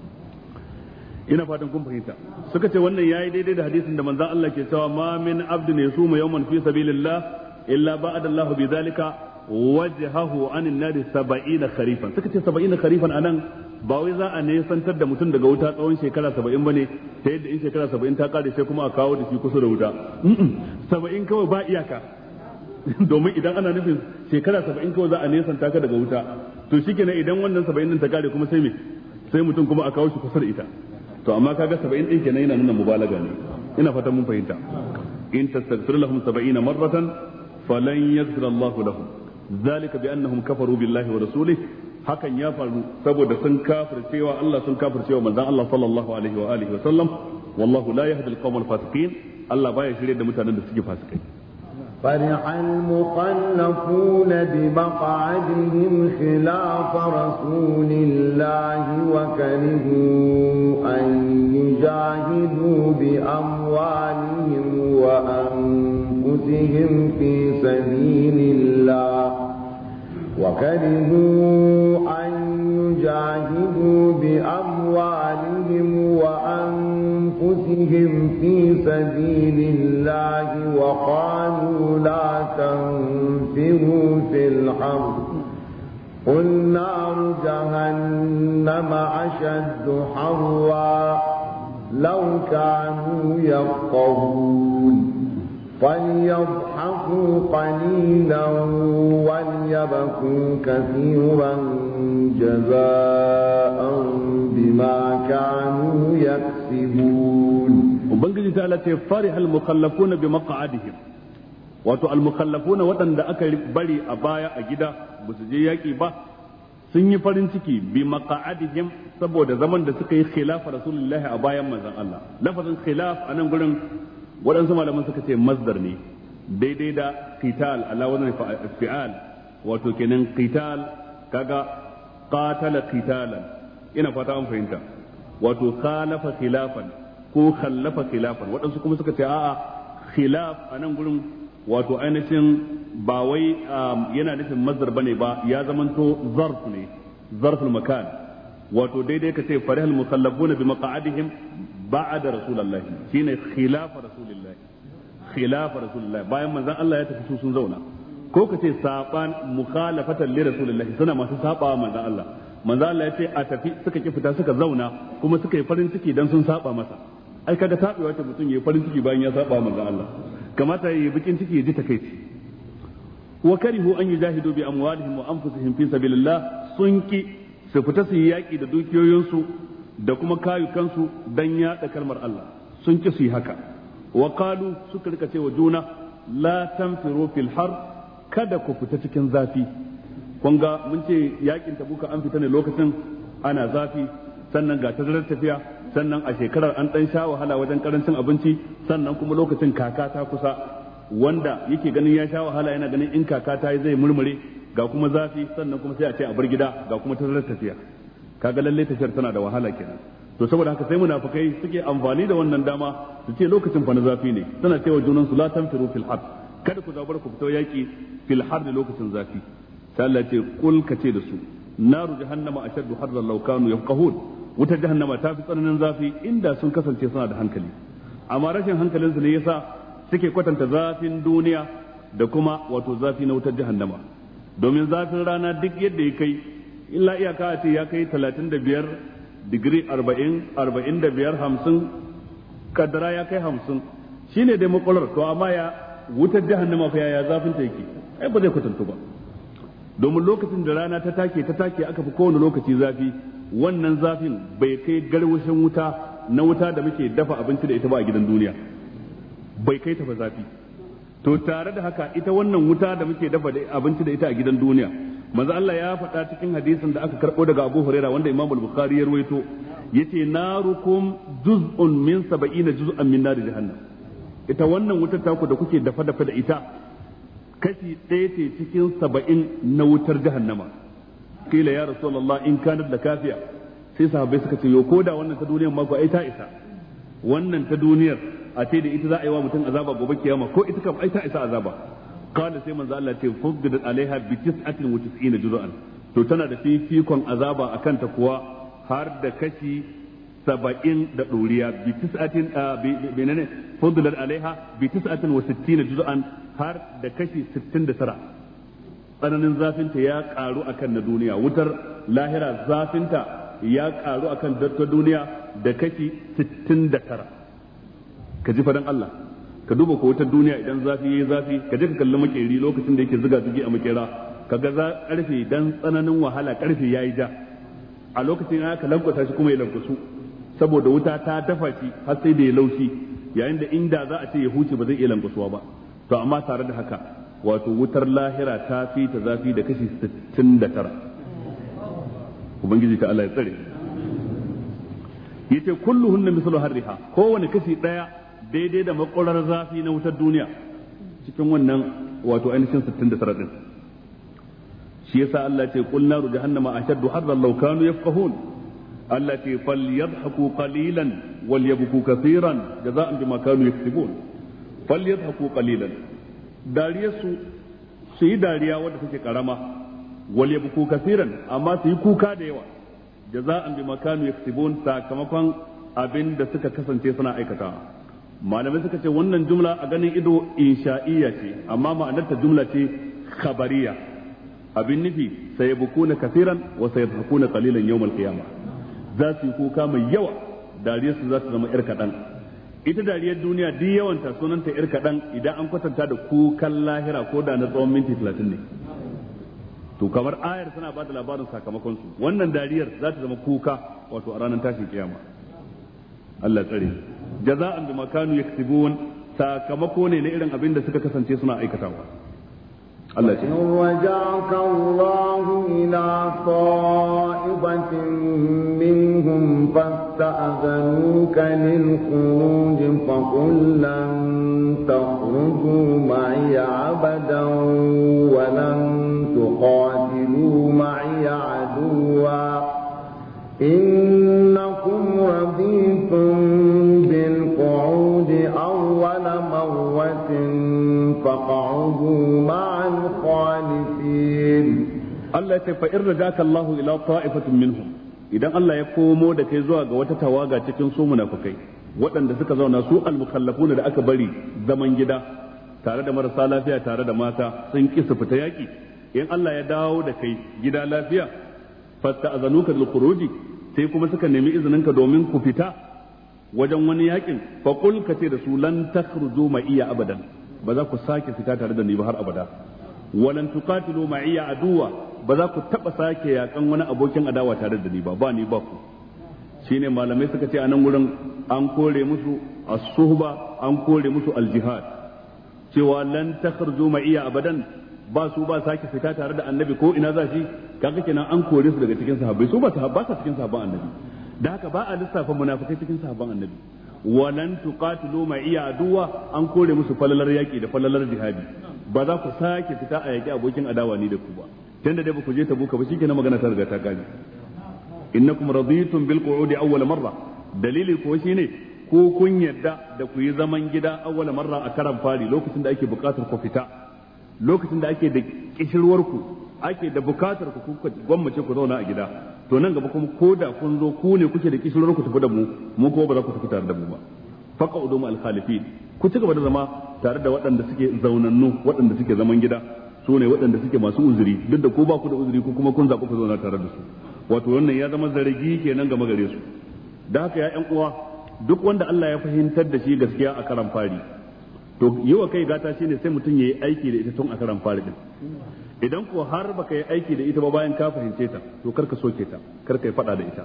ina fatan kun fahimta suka ce wannan yayi daidai da hadisin da manzon Allah ke cewa ma min abdin yasuma yawman fi sabilillah illa ba'ada Allahu bi zalika wajhahu anin nari saba'ina kharifan suka ce saba'ina kharifan anan ba wai za a nesantar da mutum daga wuta tsawon shekara saba'in ba ne ta yadda in shekara saba'in ta kare sai kuma a kawo da shi kusa da wuta saba'in kawai ba iyaka domin idan ana nufin shekara saba'in kawai za a nesanta ka daga wuta to shi kenan idan wannan saba'in nan ta kare kuma sai me sai mutum kuma a kawo shi kusa da ita to amma kaga saba'in ɗin kenan yana nuna mubalaga ne ina fatan mun fahimta in tastaghfir lahum saba'ina marratan falan yaghfir Allahu lahum ذلك بأنهم كفروا بالله ورسوله hakan ya faru saboda sun kafircewa Allah sun kafircewa manzon Allah sallallahu alaihi wa alihi wa sallam wallahu la yahdi al-qawmal fasiqin Allah baya shirye da mutanen da suke fasikai فرح المخلفون بمقعدهم خلاف رسول الله وكرهوا أن يجاهدوا بأموالهم وأنفسهم في سبيل الله وكرهوا أن يجاهدوا بأموالهم وأنفسهم في سبيل الله وقالوا لا تنفروا في الحرب قل نار جهنم أشد حرا لو كانوا يفقهون فليضحكوا قليلا وليبكوا كثيرا جزاء بما كانوا يكسبون وبنجي تعالى فرح المخلفون بمقعدهم wato almukallafuna waɗanda aka bari a baya a gida ba su je yaƙi ba sun yi farin ciki bi maqa'adihim saboda zaman da suka yi khilafa rasulullahi a bayan manzon Allah lafazin khilaf a nan gurin waɗansu malaman suka ce masdar ne daidai da qital ala wannan fi'al wato kenan qital kaga qatala qitalan ina fata an fahimta wato khalafa khilafan ko khallafa khilafan waɗansu kuma suka ce a'a khilaf a nan gurin wato ainihin ba wai um, yana nufin mazdar bane ba ya zamanto zarf ne zarful makan wato daidai ka ce farihal musallafuna bi maq'adihim ba'da rasulullah shine khilafa rasulullah khilafa rasulullah bayan manzon Allah ya tafi su sun ko ka ce saban mukhalafatan li suna masu saba manzon Allah manzon Allah ya ce a tafi suka ki fita suka zauna kuma suka yi farin ciki dan sun saba masa ai kaga tabewa ta mutum ya farin ciki bayan ya saba manzon Allah kamata yayi bikin ciki ya ji takeici wa karihu an yujahidu a amwalihim wa anfusihim fi sabilillah sun ki su fita su yi yaki da dukiyoyinsu da kuma kayu kansu dan yaɗa kalmar Allah sun ki su yi haka wa qalu suka rika cewa juna la tanfiru fil har kada ku fita cikin zafi kun ga mun ce yakin tabuka an fita ne lokacin ana zafi sannan ga tazarar tafiya sannan a shekarar an dan sha wahala wajen karancin abinci sannan kuma lokacin kaka ta kusa wanda yake ganin ya sha wahala yana ganin in kaka ta zai murmure ga kuma zafi sannan kuma sai a ce a bar gida ga kuma tazarar tafiya kaga lalle tashar tana da wahala kenan to saboda haka sai munafikai suke amfani da wannan dama su ce lokacin fa na zafi ne suna cewa junan su la tanfiru fil har kada ku zabar ku fito yaki fil har da lokacin zafi sai Allah ce kul kace da su naru jahannama ashaddu harran law kanu yafqahun wuta jahannama ta fi tsananin zafi inda sun kasance suna da hankali amma rashin hankalin su ne yasa suke kwatanta zafin duniya da kuma wato zafi na wutar jahannama domin zafin rana duk yadda ya kai illa iyaka a ce ya kai 35 digiri 40 45 50 kadara ya kai 50 shine dai makolar to amma ya wutar jahannama fa ya zafin ta yake ai ba zai kwatanta ba domin lokacin da rana ta take ta take aka fi kowane lokaci zafi wannan zafin bai kai garwashin wuta na wuta da muke dafa abinci da ita ba a gidan duniya bai kai ta ba zafi to tare da haka ita wannan wuta da muke dafa abinci da ita a gidan duniya manzo Allah ya faɗa cikin hadisin da aka karɓo daga Abu Huraira wanda Imam Bukhari ya rawaito yace narukum juz'un min 70 juz'an min nar jahannam ita wannan wutar taku da kuke dafa dafa da ita kashi ɗaya ce cikin saba'in na wutar jahannama kila ya rasulullah in kanat da kafiya sai sahabbai suka ce yo koda wannan ta duniyar ma ko ai ta isa wannan ta duniyar a ce da ita za a yi wa mutum azaba gobe kiyama ko ita kam ai ta isa azaba qala sai manzo Allah ce fuddat alaiha bi tis'atin wa tis'ina juz'an to tana da fifikon azaba akanta kuwa har da kashi saba'in da ɗoriya bi tis'atin bi ne fuddat alaiha bi tis'atin wa sittina har da kashi tsananin zafinta ya karu akan na duniya wutar lahira zafinta ya karu akan ta duniya da kashi 69 ka ji fadan Allah ka duba ko wata duniya idan zafi yayi zafi ka je ka kalli makeri lokacin da yake zuga zugi a makera ga za karfe dan tsananin wahala karfe yayi ja a lokacin ka lankwasa shi kuma ya lankwasu saboda wuta ta dafa shi har sai da ya laushi yayin da inda za a ce ya huce ba zai iya lankwasuwa ba to amma tare da haka wato wutar lahira ta fi ta zafi da kashi 69 ubangiji ta Allah ya tsare yace kulluhunna mislu harriha kowane kashi daya daidai da makwarar zafi na wutar duniya cikin wannan wato ainihin 69 din shi yasa Allah ce qul naru jahannama ashaddu harran law kanu yafqahun Allah ce fal falyadhaku qalilan walyabku kaseeran jazaan bima kanu yaktubun falyadhaku qalilan dariyarsu su yi dariya wadda take karama wal walyabku kaseeran amma su yi kuka da yawa jazaan bima kanu yaktubun sakamakon abin da suka kasance suna aikatawa malamai suka ce wannan jumla a ganin ido insha'iyya ce amma ma'anar ta jumla ce khabariya abin nufi sai bukuna kafiran wa sai hakuna qalilan yawmal qiyama za su yi kuka mai yawa dariyar su za su zama yar kadan ita dariyar duniya duk ta sunanta yar kaɗan idan an kwatanta da kukan lahira ko da na tsawon minti 30 ne to kamar ayar tana ba da labarin sakamakon su wannan dariyar za ta zama kuka wato a ranar tashin kiyama Allah tsare jaza'an bima kanu yaktubun sakamako ne na irin abin da suka kasance suna aikatawa Allah ce waja'aka Allahu ila sa'ibatin minhum fasta'zanuka lil khuruj fa qul lan takhruju ma'i abadan wa lan tuqatilu ma'i aduwa إن فاقعدوا مع الخالفين الله يتفى إن رجعك الله إلى طائفة منهم idan Allah ya komo da kai zuwa ga wata tawaga cikin su munafukai waɗanda suka zauna su almukhallafuna da aka bari zaman gida tare da marasa lafiya tare da mata sun ki su fita yaki in Allah ya dawo da kai gida lafiya fasta'azanuka lil khuruji sai kuma suka nemi izininka domin ku fita wajen wani yakin fa qul da su lan ma iya abadan ba za ku sake fita tare da ni ba har abada walan tuqatilu ma'iya aduwa ba za ku taba sake yakan wani abokin adawa tare da ni ba ba ni ba ku shine malamai suka ce a nan wurin an kore musu as-suhba an kore musu al-jihad cewa lan takhruju ma'iya abadan ba su ba sake fita tare da annabi ko ina za shi kaga kenan an kore su daga cikin sahabbai su ba su ba sa cikin sahabban annabi da haka ba a lissafa munafikai cikin sahabban annabi walan tuqatilu ma iya aduwa an kore musu falalar yaki da falalar jihadi ba za ku sake fita a yaki abokin adawa ni da ku ba da dai ba ku je ta buka ba shikenan magana ta riga ta gane innakum raditum bil qu'udi awwal marra dalili ko shine ko kun yadda da ku yi zaman gida awwal marra a karan fari lokacin da ake bukatar ku fita lokacin da ake da kishirwar ku ake da bukatar ku gwammace ku zauna a gida to nan gaba kuma ko da kun zo ku ne kuke da kishirar ku tafi da mu mu kuma ba za ku tafi tare da mu ba faqaudu ma al ku ci gaba da zama tare da waɗanda suke zaunannu waɗanda suke zaman gida su ne waɗanda suke masu uzuri duk da ko ba ku da uzuri ku kuma kun zaɓi ku zauna tare da su wato wannan ya zama zargi kenan gama gare su da haka ya ƴan uwa duk wanda Allah ya fahimtar da shi gaskiya a karan fari to yi kai gata shine sai mutum ya yi aiki da ita tun a karan fari din idan ko har baka yi aiki da ita ba bayan ka fahimce ta to karka soke ta karka yi fada da ita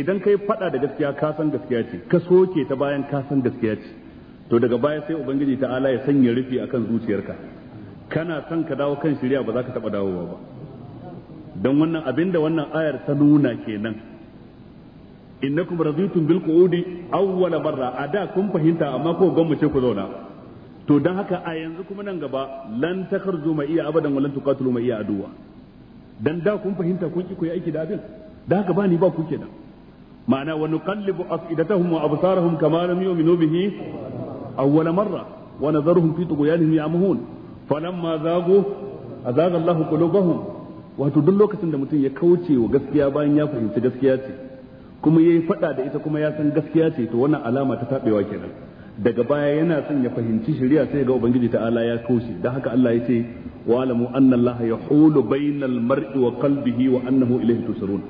idan kai fada da gaskiya ka san gaskiya ce ka soke ta bayan ka san gaskiya ce to daga baya sai ubangiji ta Ala ya sanya rufi akan zuciyarka kana son ka dawo kan shirya ba za ka taba dawowa ba don wannan abinda wannan ayar ta nuna kenan innakum raditum bil qu'udi awwala barra ada kun fahimta amma ko ce ku zauna to dan haka a yanzu kuma nan gaba lan takarzu mai iya abadan walan tuqatilu mai iya aduwa dan da kun fahimta kun ki koyi aiki da abin dan haka ba ni ba ku kenan ma'ana wa nuqallibu afidatahum wa absarahum kama lam yu'minu bihi awwala marra wa nadharuhum fi tughyanihim ya'mahun falamma zagu azaga Allahu qulubahum wato duk lokacin da mutum ya kauce wa gaskiya bayan ya fahimci gaskiya ce kuma yayi fada da ita kuma ya san gaskiya ce to wannan alama ta tabewa kenan daga baya yana son ya fahimci shari'a sai ga ubangiji ta'ala ya toshe dan haka Allah ya ce wa alamu anna Allah yahulu bainal mar'i wa qalbihi wa annahu ilayhi tusarun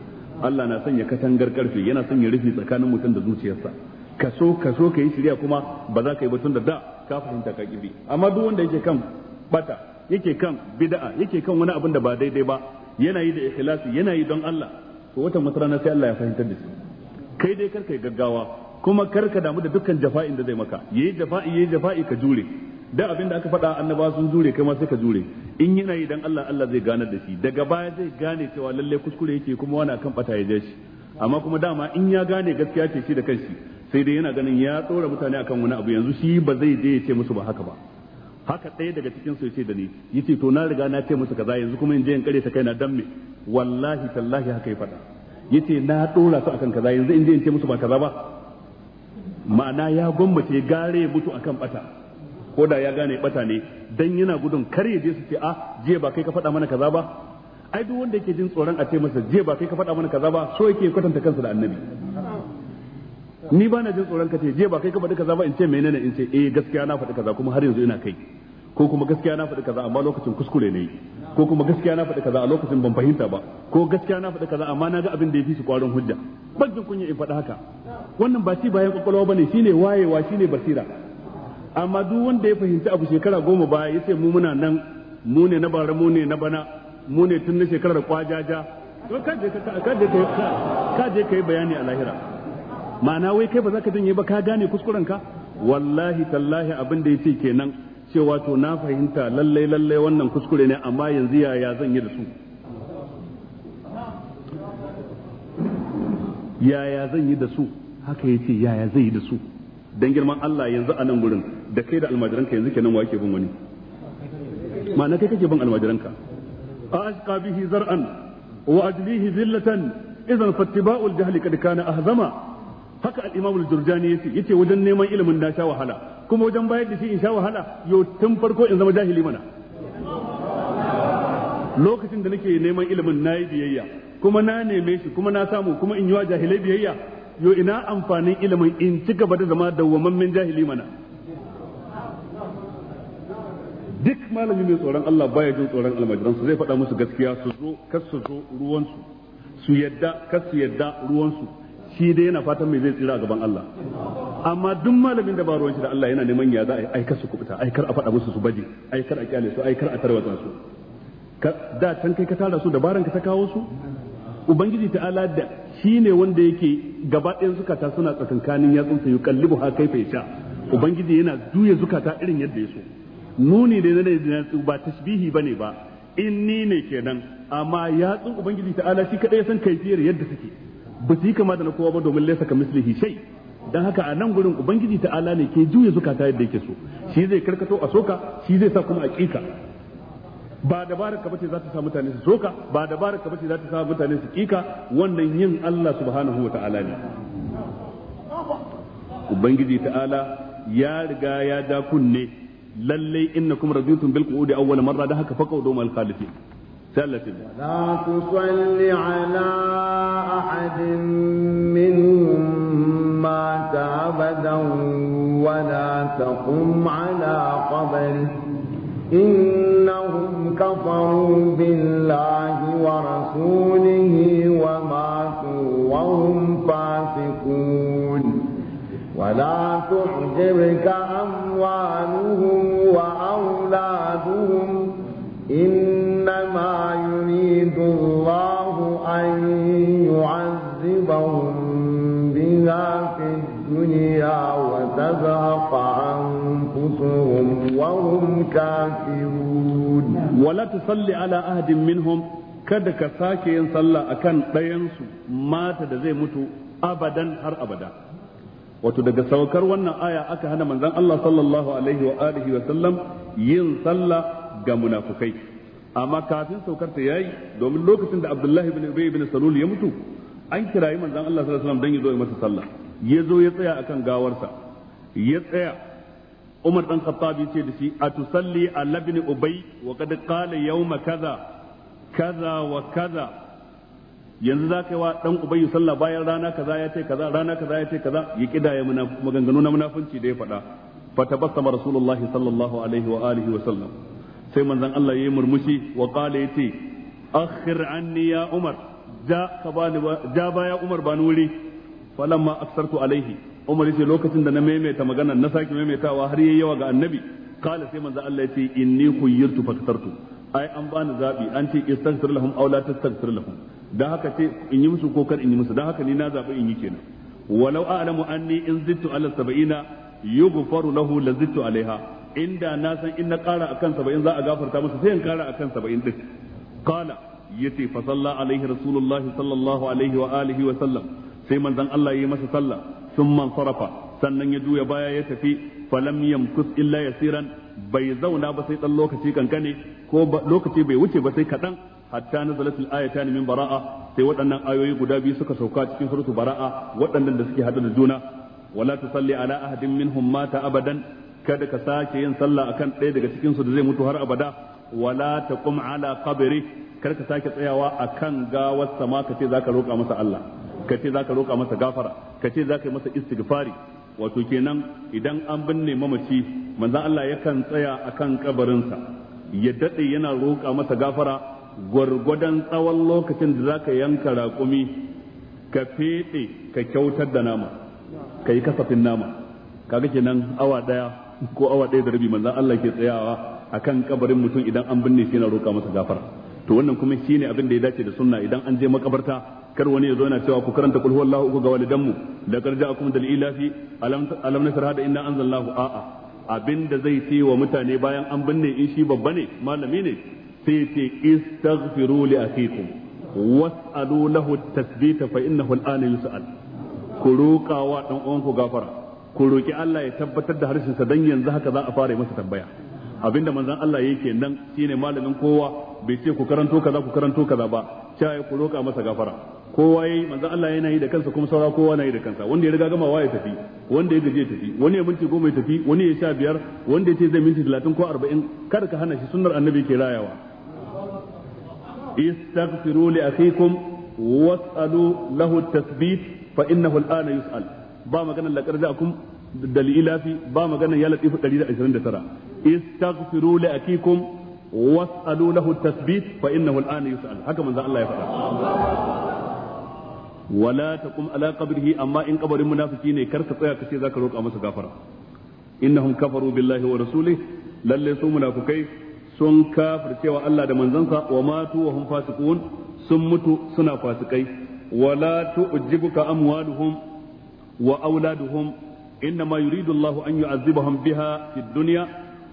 Allah na son ya katangar karfe yana son ya rufe tsakanin mutum da zuciyarsa kaso kaso kai shari'a kuma ba za ka yi ba da da ka fahimta ka kibi amma duk wanda yake kan bata yake kan bida'a yake kan wani abin da ba daidai ba yana yi da ikhlasi yana yi don Allah to wata masrana sai Allah ya fahimtar da shi kai dai kar yi gaggawa kuma kar ka damu da dukkan jafa'in da zai maka yayi jafa'i yayi jafa'i ka jure da abin da aka faɗa annaba sun jure kai ma sai ka jure in yana yi dan Allah Allah zai ganar da shi daga baya zai gane cewa lalle kuskure yake kuma wani kan bata ya je shi amma kuma dama in ya gane gaskiya ce shi da kanshi sai dai yana ganin ya tsora mutane akan wani abu yanzu shi ba zai je ya ce musu ba haka ba haka ɗaya daga cikin su ce da ni yace to na riga na ce musu kaza yanzu kuma in je in kare ta kaina dan me wallahi tallahi haka ya faɗa yace na dora su akan kaza yanzu in je in ce musu ba kaza ba ma'ana ya gwammace gare ya mutu akan bata ko da ya gane bata ne dan yana gudun kar ya je su ce a jiya ba kai ka faɗa mana kaza ba ai duk wanda yake jin tsoron a ce masa jiya ba kai ka faɗa mana kaza ba so yake kwatanta kansa da annabi ni ba na jin tsoron ka ce jiya ba kai ka faɗi kaza ba in ce menene in ce eh gaskiya na faɗi kaza kuma har yanzu ina kai ko kuma gaskiya na faɗi kaza amma lokacin kuskure ne ko kuma gaskiya na faɗi kaza a lokacin ban fahimta ba ko gaskiya na faɗi kaza amma na ga abin da ya fi su kwarin hujja ban kunya in faɗi haka wannan ba shi bayan ba ne shine wayewa shine basira amma duk wanda ya fahimci abu shekara goma baya ce mu muna nan mu ne na bara mu ne na bana mu ne tun na shekarar kwajaja to ka je ka yi kai bayani a lahira ma'ana wai kai ba za ka janye ba ka gane kuskuren ka wallahi tallahi abin da ya ce kenan cewa to na fahimta lallai lallai wannan kuskure ne amma yanzu yaya zan yi da su yaya zan yi da su haka yace yaya zai yi da su dan girman Allah yanzu a nan gurin da kai da almajiranka yanzu kenan wa yake bin wani ma'ana kai kake bin almajiranka a ashqa bihi zar'an wa ajlihi zillatan idan fattiba'ul jahli kad kana ahzama haka al-imam al-jurjani yace yace wajen neman ilimin na sha wahala kuma wajen bayar da shi in sha wahala yo tun farko in zama jahili mana lokacin da nake neman ilimin nayi biyayya kuma na neme shi kuma na samu kuma in yi wa jahilai biyayya yo ina amfanin ilimin in ci gaba da zama dawwamammen jahili mana duk malami mai tsoron Allah baya jin tsoron su zai faɗa musu gaskiya su zo kar su zo ruwansu su yadda kar su yadda ruwansu shi dai yana fatan mai zai tsira a gaban Allah amma duk malamin da ba ruwan shi da Allah yana neman ya za a aikar su kubuta aikar a faɗa musu su baje aikar a kyale su aikar a tarwatsa su da can kai ka tara su dabaran ka ta kawo su ubangiji ta ala da shi ne wanda yake gaba ɗayan zukata suna tsakankanin yatsun sa yuqallibu ha kaifa yasha ubangiji yana juya zukata irin yadda ya so nuni da na ba tashbihi bane ba in ni ne kenan amma yatsun ubangiji ta ala shi kaɗai ya san kaifiyar yadda take ba su yi kama da na kowa ba domin laisa ka mislihi shai dan haka a nan gurin ubangiji ta'ala ne ke juya zukata yadda yake so shi zai karkato a soka shi zai sa kuma a kika ba dabarar ka bace za ta sa mutane su soka ba dabarar ka bace za ta sa mutane su kika wannan yin Allah subhanahu wa ta'ala ne ubangiji ta'ala ya riga ya ja kunne lallai innakum raditum bil qu'udi awwal marra da haka faqawdu mal khalifin ثلاثة لا تصل على أحد منهم مات أبدا ولا تقم على قبره إنهم كفروا بالله ورسوله وماتوا وهم فاسقون ولا تعجبك أموالهم وأولادهم إن الدنيا وتزهق أنفسهم وهم كافرون ولا تصلي على أحد منهم kada ka sake yin sallah akan ɗayansu mata da zai mutu abadan har abada wato daga saukar wannan aya aka hana manzon Allah sallallahu alaihi wa alihi wa sallam yin sallah ga munafukai amma kafin saukar ta yayi domin lokacin da Abdullahi ibn Ubay ibn Salul ya mutu an kirayi manzon Allah sallallahu alaihi wa sallam dan ya zo masa sallah ya zo ya tsaya akan gawarsa ya tsaya Umar dan khattabi ce da shi a tusalli ala ibn Ubay wa qad qala yawma kaza kaza wa kaza yanzu za ka yi wa dan yi sallah bayan rana kaza ya ce kaza rana kaza ya ce kaza ya kidaya maganganu na munafunci da ya faɗa fatabassama rasulullahi sallallahu alaihi wa alihi wa sallam sai manzon Allah ya yi murmushi wa qala yace akhir anni ya Umar ja ka ya ja baya Umar bani wuri falamma aksartu alaihi umar yace lokacin da na maimaita magana na sake maimaitawa har yayi yawa ga annabi Kala sai manzo Allah yace inni khayyirtu faktartu ai an bani zabi an ce istaghfir lahum aw la tastaghfir lahum dan haka ce in yi musu ko kar in yi musu dan haka ni na zabi in yi kenan walau a'lamu anni in zittu ala sab'ina yughfaru lahu la zittu alaiha inda na san in na kara akan 70 za a gafarta musu sai in kara akan 70 din Kala yace fa sallallahu alaihi rasulullahi sallallahu alaihi wa alihi wa sallam sai manzon Allah yi masa sallah sun man sarafa sannan ya juya baya ya tafi falam yamkus illa yasiran bai zauna ba sai dan lokaci kankane ko lokaci bai wuce ba sai kadan hatta nazalat al-ayatan min bara'a sai waɗannan ayoyi guda biyu suka sauka cikin suratu bara'a waɗannan da suke hada da juna wala tusalli ala ahadin minhum mata abadan kada ka sake yin sallah akan ɗaya daga cikin su da zai mutu har abada wala taqum ala qabri kar ka sake tsayawa akan gawar sama ka ce zaka roƙa masa Allah ka ce zaka roka masa gafara ka ce zaka yi masa istighfari wato kenan idan an binne mamaci manzon Allah yakan tsaya akan kabarinsa ya daɗe yana roka masa gafara gwargwadon tsawon lokacin da za ka yanka raƙumi ka feɗe ka kyautar da nama ka yi kasafin nama kaga kenan awa daya ko awa daya da rabi manzon Allah ke tsayawa akan kabarin mutum idan an binne shi yana roka masa gafara to wannan kuma shine abin da ya dace da sunna idan an je makabarta kar wani ya zo yana cewa ku karanta kul huwallahu uku ga walidan mu da karja akum dal ilafi alam alam nasra hada inna anzalnahu a'a abinda zai ce wa mutane bayan an binne in shi babba ne malami ne sai ce istaghfiru li akikum was'alu lahu tathbita fa innahu al yus'al ku roƙa wa dan gafara ku roƙi Allah ya tabbatar da harshen sa dan yanzu haka za a fara masa tambaya abinda manzon Allah yake nan shine malamin kowa bai ce ku karanto kaza ku karanto kaza ba cewa ku roƙa masa gafara kowa yayi manzo Allah yana yi da kansa kuma saura kowa na yi da kansa wanda ya riga gama waye tafi wanda ya gaje tafi wani ya minti goma ya tafi wani ya sha biyar wanda ya ce zai minti talatin ko arba'in kar ka hana shi sunnar annabi ke rayawa istaghfiru li akhikum was'alu lahu at-tathbit fa innahu al-ana yus'al ba magana laqad ja'akum dalilafi ba magana ya latifu 129 istaghfiru li akikum was'alu lahu at-tathbit fa innahu al-ana yus'al haka manzo Allah ya faɗa wala taqum ala qabrihi amma in kabarin munafiki ne kar ka tsaya ka ce zaka roƙa masa gafara innahum kafaru billahi wa rasulih lalle su munafikai sun kafircewa Allah da manzansa wa matu wa hum fasiqun sun mutu suna fasikai wala tu'jibuka amwaluhum wa auladuhum innama ma yuridullahu an yu'azzibahum biha fid dunya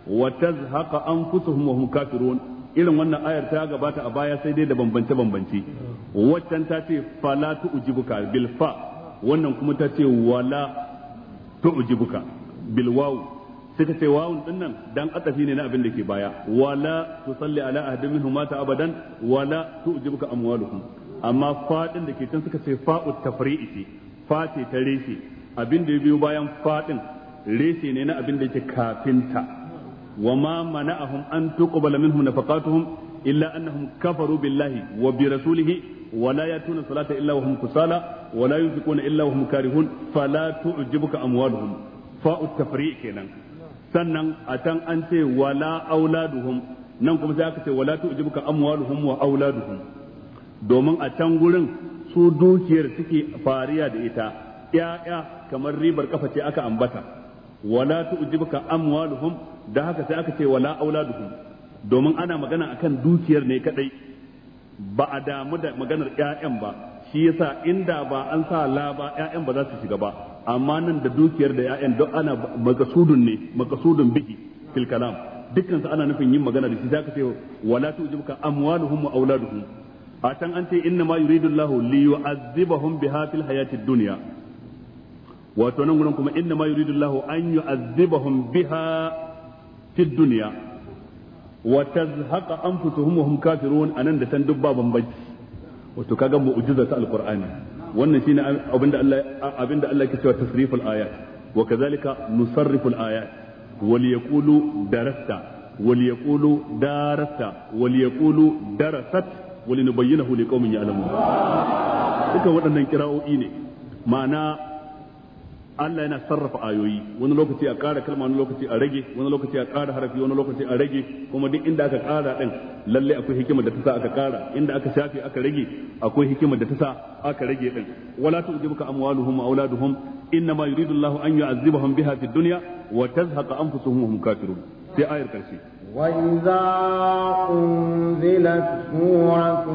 wa tazhaqa anfusuhum wa irin wannan ayar ta gabata a baya sai dai da bambance bambance waccan ta ce fala tu'jibuka bil fa wannan kuma ta ce wala tu'jibuka bil waw suka ce wawun din nan dan atafi ne na abin da ke baya wala tusalli ala ahdi minhum mata abadan wala tu'jibuka amwaluhum amma din da ke can suka ce fa'ut tafri'i ce fa ce ta reshe abin da ya biyo bayan din reshe ne na abin da ke kafinta وما منعهم أن تقبل منهم نفقاتهم إلا أنهم كفروا بالله وبرسوله ولا يأتون الصلاة إلا وهم كسالى ولا ينفقون إلا وهم كارهون فلا تعجبك أموالهم فاء التفريق كنا sannan a can an ce wala auladuhum nan kuma sai aka ce wala tu'jibuka wa domin a can gurin su dukiyar suke fariya da ita ya'ya kamar ribar kafa ce aka ambata wala tu'jibuka amwaluhum da haka sai aka ce wala auladuhum domin ana magana akan dukiyar ne kadai ba a damu da maganar ƴaƴan ba shi yasa inda ba an sa la ba ƴaƴan ba za su shiga ba amma nan da dukiyar da ƴaƴan duk ana makasudun ne makasudun bihi fil kalam dukkan su ana nufin yin magana da shi zaka ce wala tu'jibuka amwaluhum wa auladuhum a can an ce inna ma yuridu Allahu li yu'azzibahum biha fil hayatid dunya wato nan gurin kuma inna ma yuridu Allahu an yu'azzibahum biha fid dunya wa tazhaqa anfusuhum wa hum kafirun anan da tan dubba bambanci wato kaga mu'jiza ta alqur'ani wannan shine abinda Allah abinda Allah ke cewa tasriful ayat wa kadhalika nusarriful ayat wal yaqulu darasta wal yaqulu darasta wal yaqulu darasat wal nubayyinahu liqaumin ya'lamun duka waɗannan kira'o'i ne ma'ana Allah yana sarrafa ayoyi wani lokaci a ƙara kalma wani lokaci a rage wani lokaci a ƙara harafi wani lokaci a rage kuma duk inda aka ƙara din lalle akwai hikimar da ta sa aka ƙara inda aka shafe aka rage akwai hikimar da ta sa aka rage din wala ka amwaluhum wa auladuhum inna ma yuridu Allahu an yu'azzibahum biha fid dunya wa tazhaqa anfusuhum hum kafirun sai ayar karshe وإذا أنزلت سورة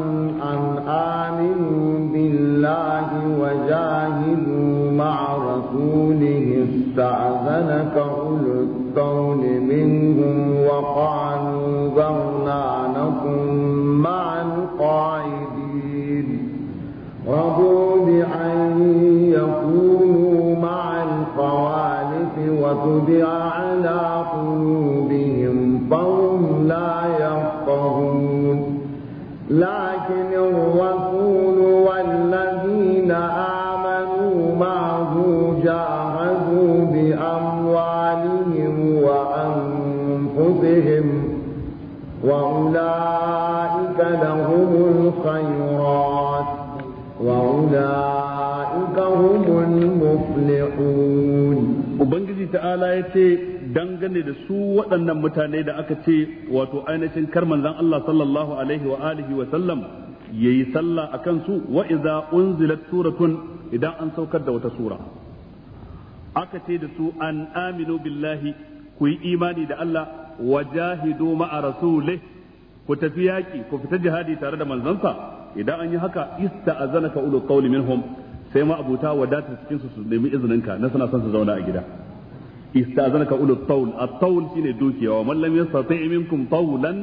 أن آمنوا بالله وجاهدوا مع رسوله استأذنك أولو الطول منهم وقالوا ذرنا نكن مع القاعدين رضوا بأن يكونوا مع الخوالف وتبع على قلوبهم Ubangiji ta'ala ya ce dangane da su waɗannan mutane da aka ce wato ainihin kar manzan Allah sallallahu alaihi wa alihi wa sallam yayi sallah akan su wa idza unzilat suratun idan an saukar da wata sura aka ce da su an aminu billahi ku yi imani da Allah wajahidu ma'a rasulih ku tafi yaki ku fita jihadi tare da manzansa idan an yi haka ista'azanaka ulul qawli minhum sai ma abuta wadatar cikin su su nemi izinin ka na suna son su zauna a gida istazanaka ulul tawl at-tawl shine dukiya wa man lam yastati minkum tawlan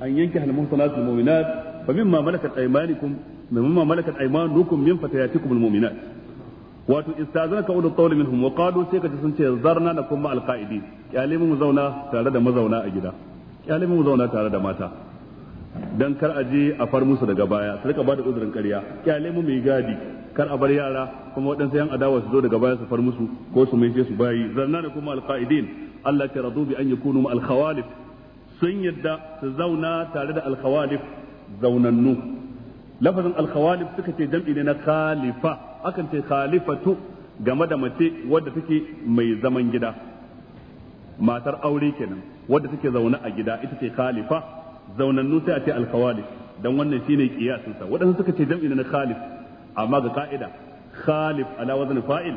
an yankaha al-muhsanatul mu'minat fa mimma malakat aymanukum mimma malakat aymanukum min fatayatikum al-mu'minat wato istazanaka ulul tawl minhum wa qalu sai ka sun ce zarna na ma al-qaidi kyalimu mu zauna tare da mazauna a gida kyalimu mu zauna tare da mata dan kar aje a far musu daga baya su rika ba da uzurin ƙarya kyalimu mai gadi kar a bar yara kuma waɗansu yan adawa su zo daga baya su far musu ko su mai su bayi zanna da kuma alqaidin Allah ta radu bi an yakunu ma alkhawalif sun yadda su zauna tare da alkhawalif zaunannu lafazin alkhawalif suka ce jam'i ne na khalifa akan ce khalifatu game da mace wadda take mai zaman gida matar aure kenan wadda take zaune a gida ita ce khalifa zaunannu sai a ce alkhawalif dan wannan shine kiyasin sa waɗansu suka ce jam'i na khalif amma ga ka'ida khalif ala wazn fa'il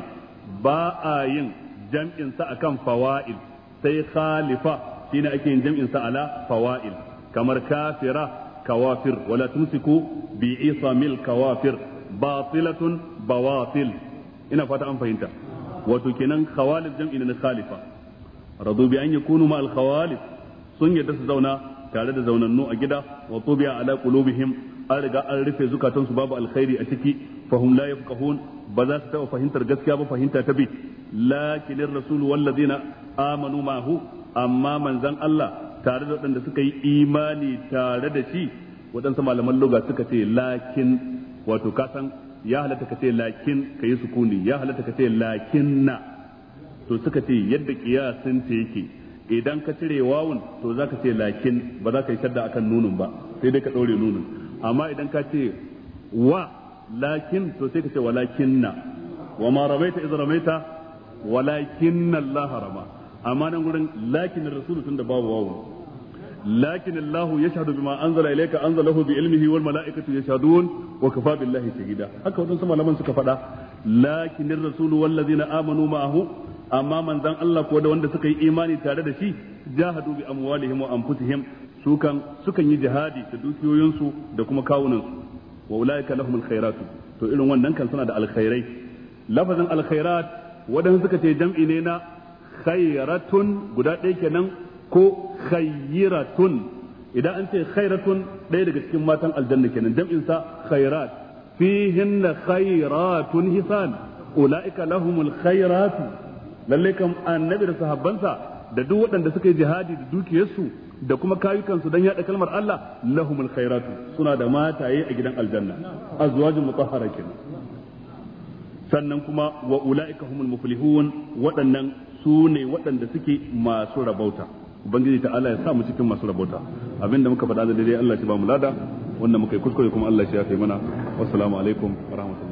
ba a yin jam'in sa akan fawa'il sai khalifa shine ake yin jam'in sa ala fawa'il kamar kafira kawafir wala tumsiku bi isamil kawafir batilatun bawatil ina fata an fahimta wato kenan khawalif jam'in na khalifa radu bi an yakunu ma al khawalif sun yadda su zauna tare da zaunannu a gida wa tubiya ala qulubihim an riga an rufe zukatansu babu alkhairi a ciki fahum la yafqahun ba za su taɓa fahimtar gaskiya ba fahimta ta bi lakinir rasulu wallazina amanu mahu amma manzan Allah tare da waɗanda suka yi imani tare da shi waɗansu malaman loga suka ce lakin wato kasan ya halatta ka ce lakin ka yi sukuni ya halatta ka ce lakin na to suka ce yadda kiyasin ta yake idan ka cire wawun to za ka ce lakin ba za ka yi shadda akan nunun ba sai dai ka ɗaure nunun amma idan ka ce wa lakin to sai ka ce walakinna wa ma ramaita iz ramaita walakinna Allah rama amma nan gurin lakin rasul tun da babu wawu lakin Allah yashhadu bima anzala ilayka anzalahu bi ilmihi wal malaikatu yashhadun wa kafa billahi shahida haka wadansu malaman suka faɗa lakin rasul wal ladina amanu ma'ahu amma manzan Allah ko da wanda suka yi imani tare da shi jahadu bi amwalihim wa anfusihim su kan sukan yi jihadi da dukiyoyinsu da kuma kawunansu wa ulaika lahumul khairatu to irin wannan kan suna da alkhairai lafazin alkhairat wadanda suka ce jam'i ne na khairatun guda ɗaya kenan ko khayiratun idan an ce khairatun ɗaya daga cikin matan aljanna kenan jam'in sa khairat fihinna khairatun hisan ulaika lahumul khairatu lalle kam annabi da sahabbansa da duk waɗanda suka yi jihadi da dukiyarsu da kuma kayukansu dan yada kalmar Allah lahumul khairatu suna da mataye a gidan aljanna azwajun mutahhara kenan sannan kuma wa ulaika humul muflihun waɗannan su ne waɗanda suke masu rabauta ubangiji ta Allah ya sa mu cikin masu rabauta abinda muka faɗa da daidai Allah shi ba mu lada wanda muka yi kuskure kuma Allah shi ya kai mana wassalamu alaikum wa rahmatullahi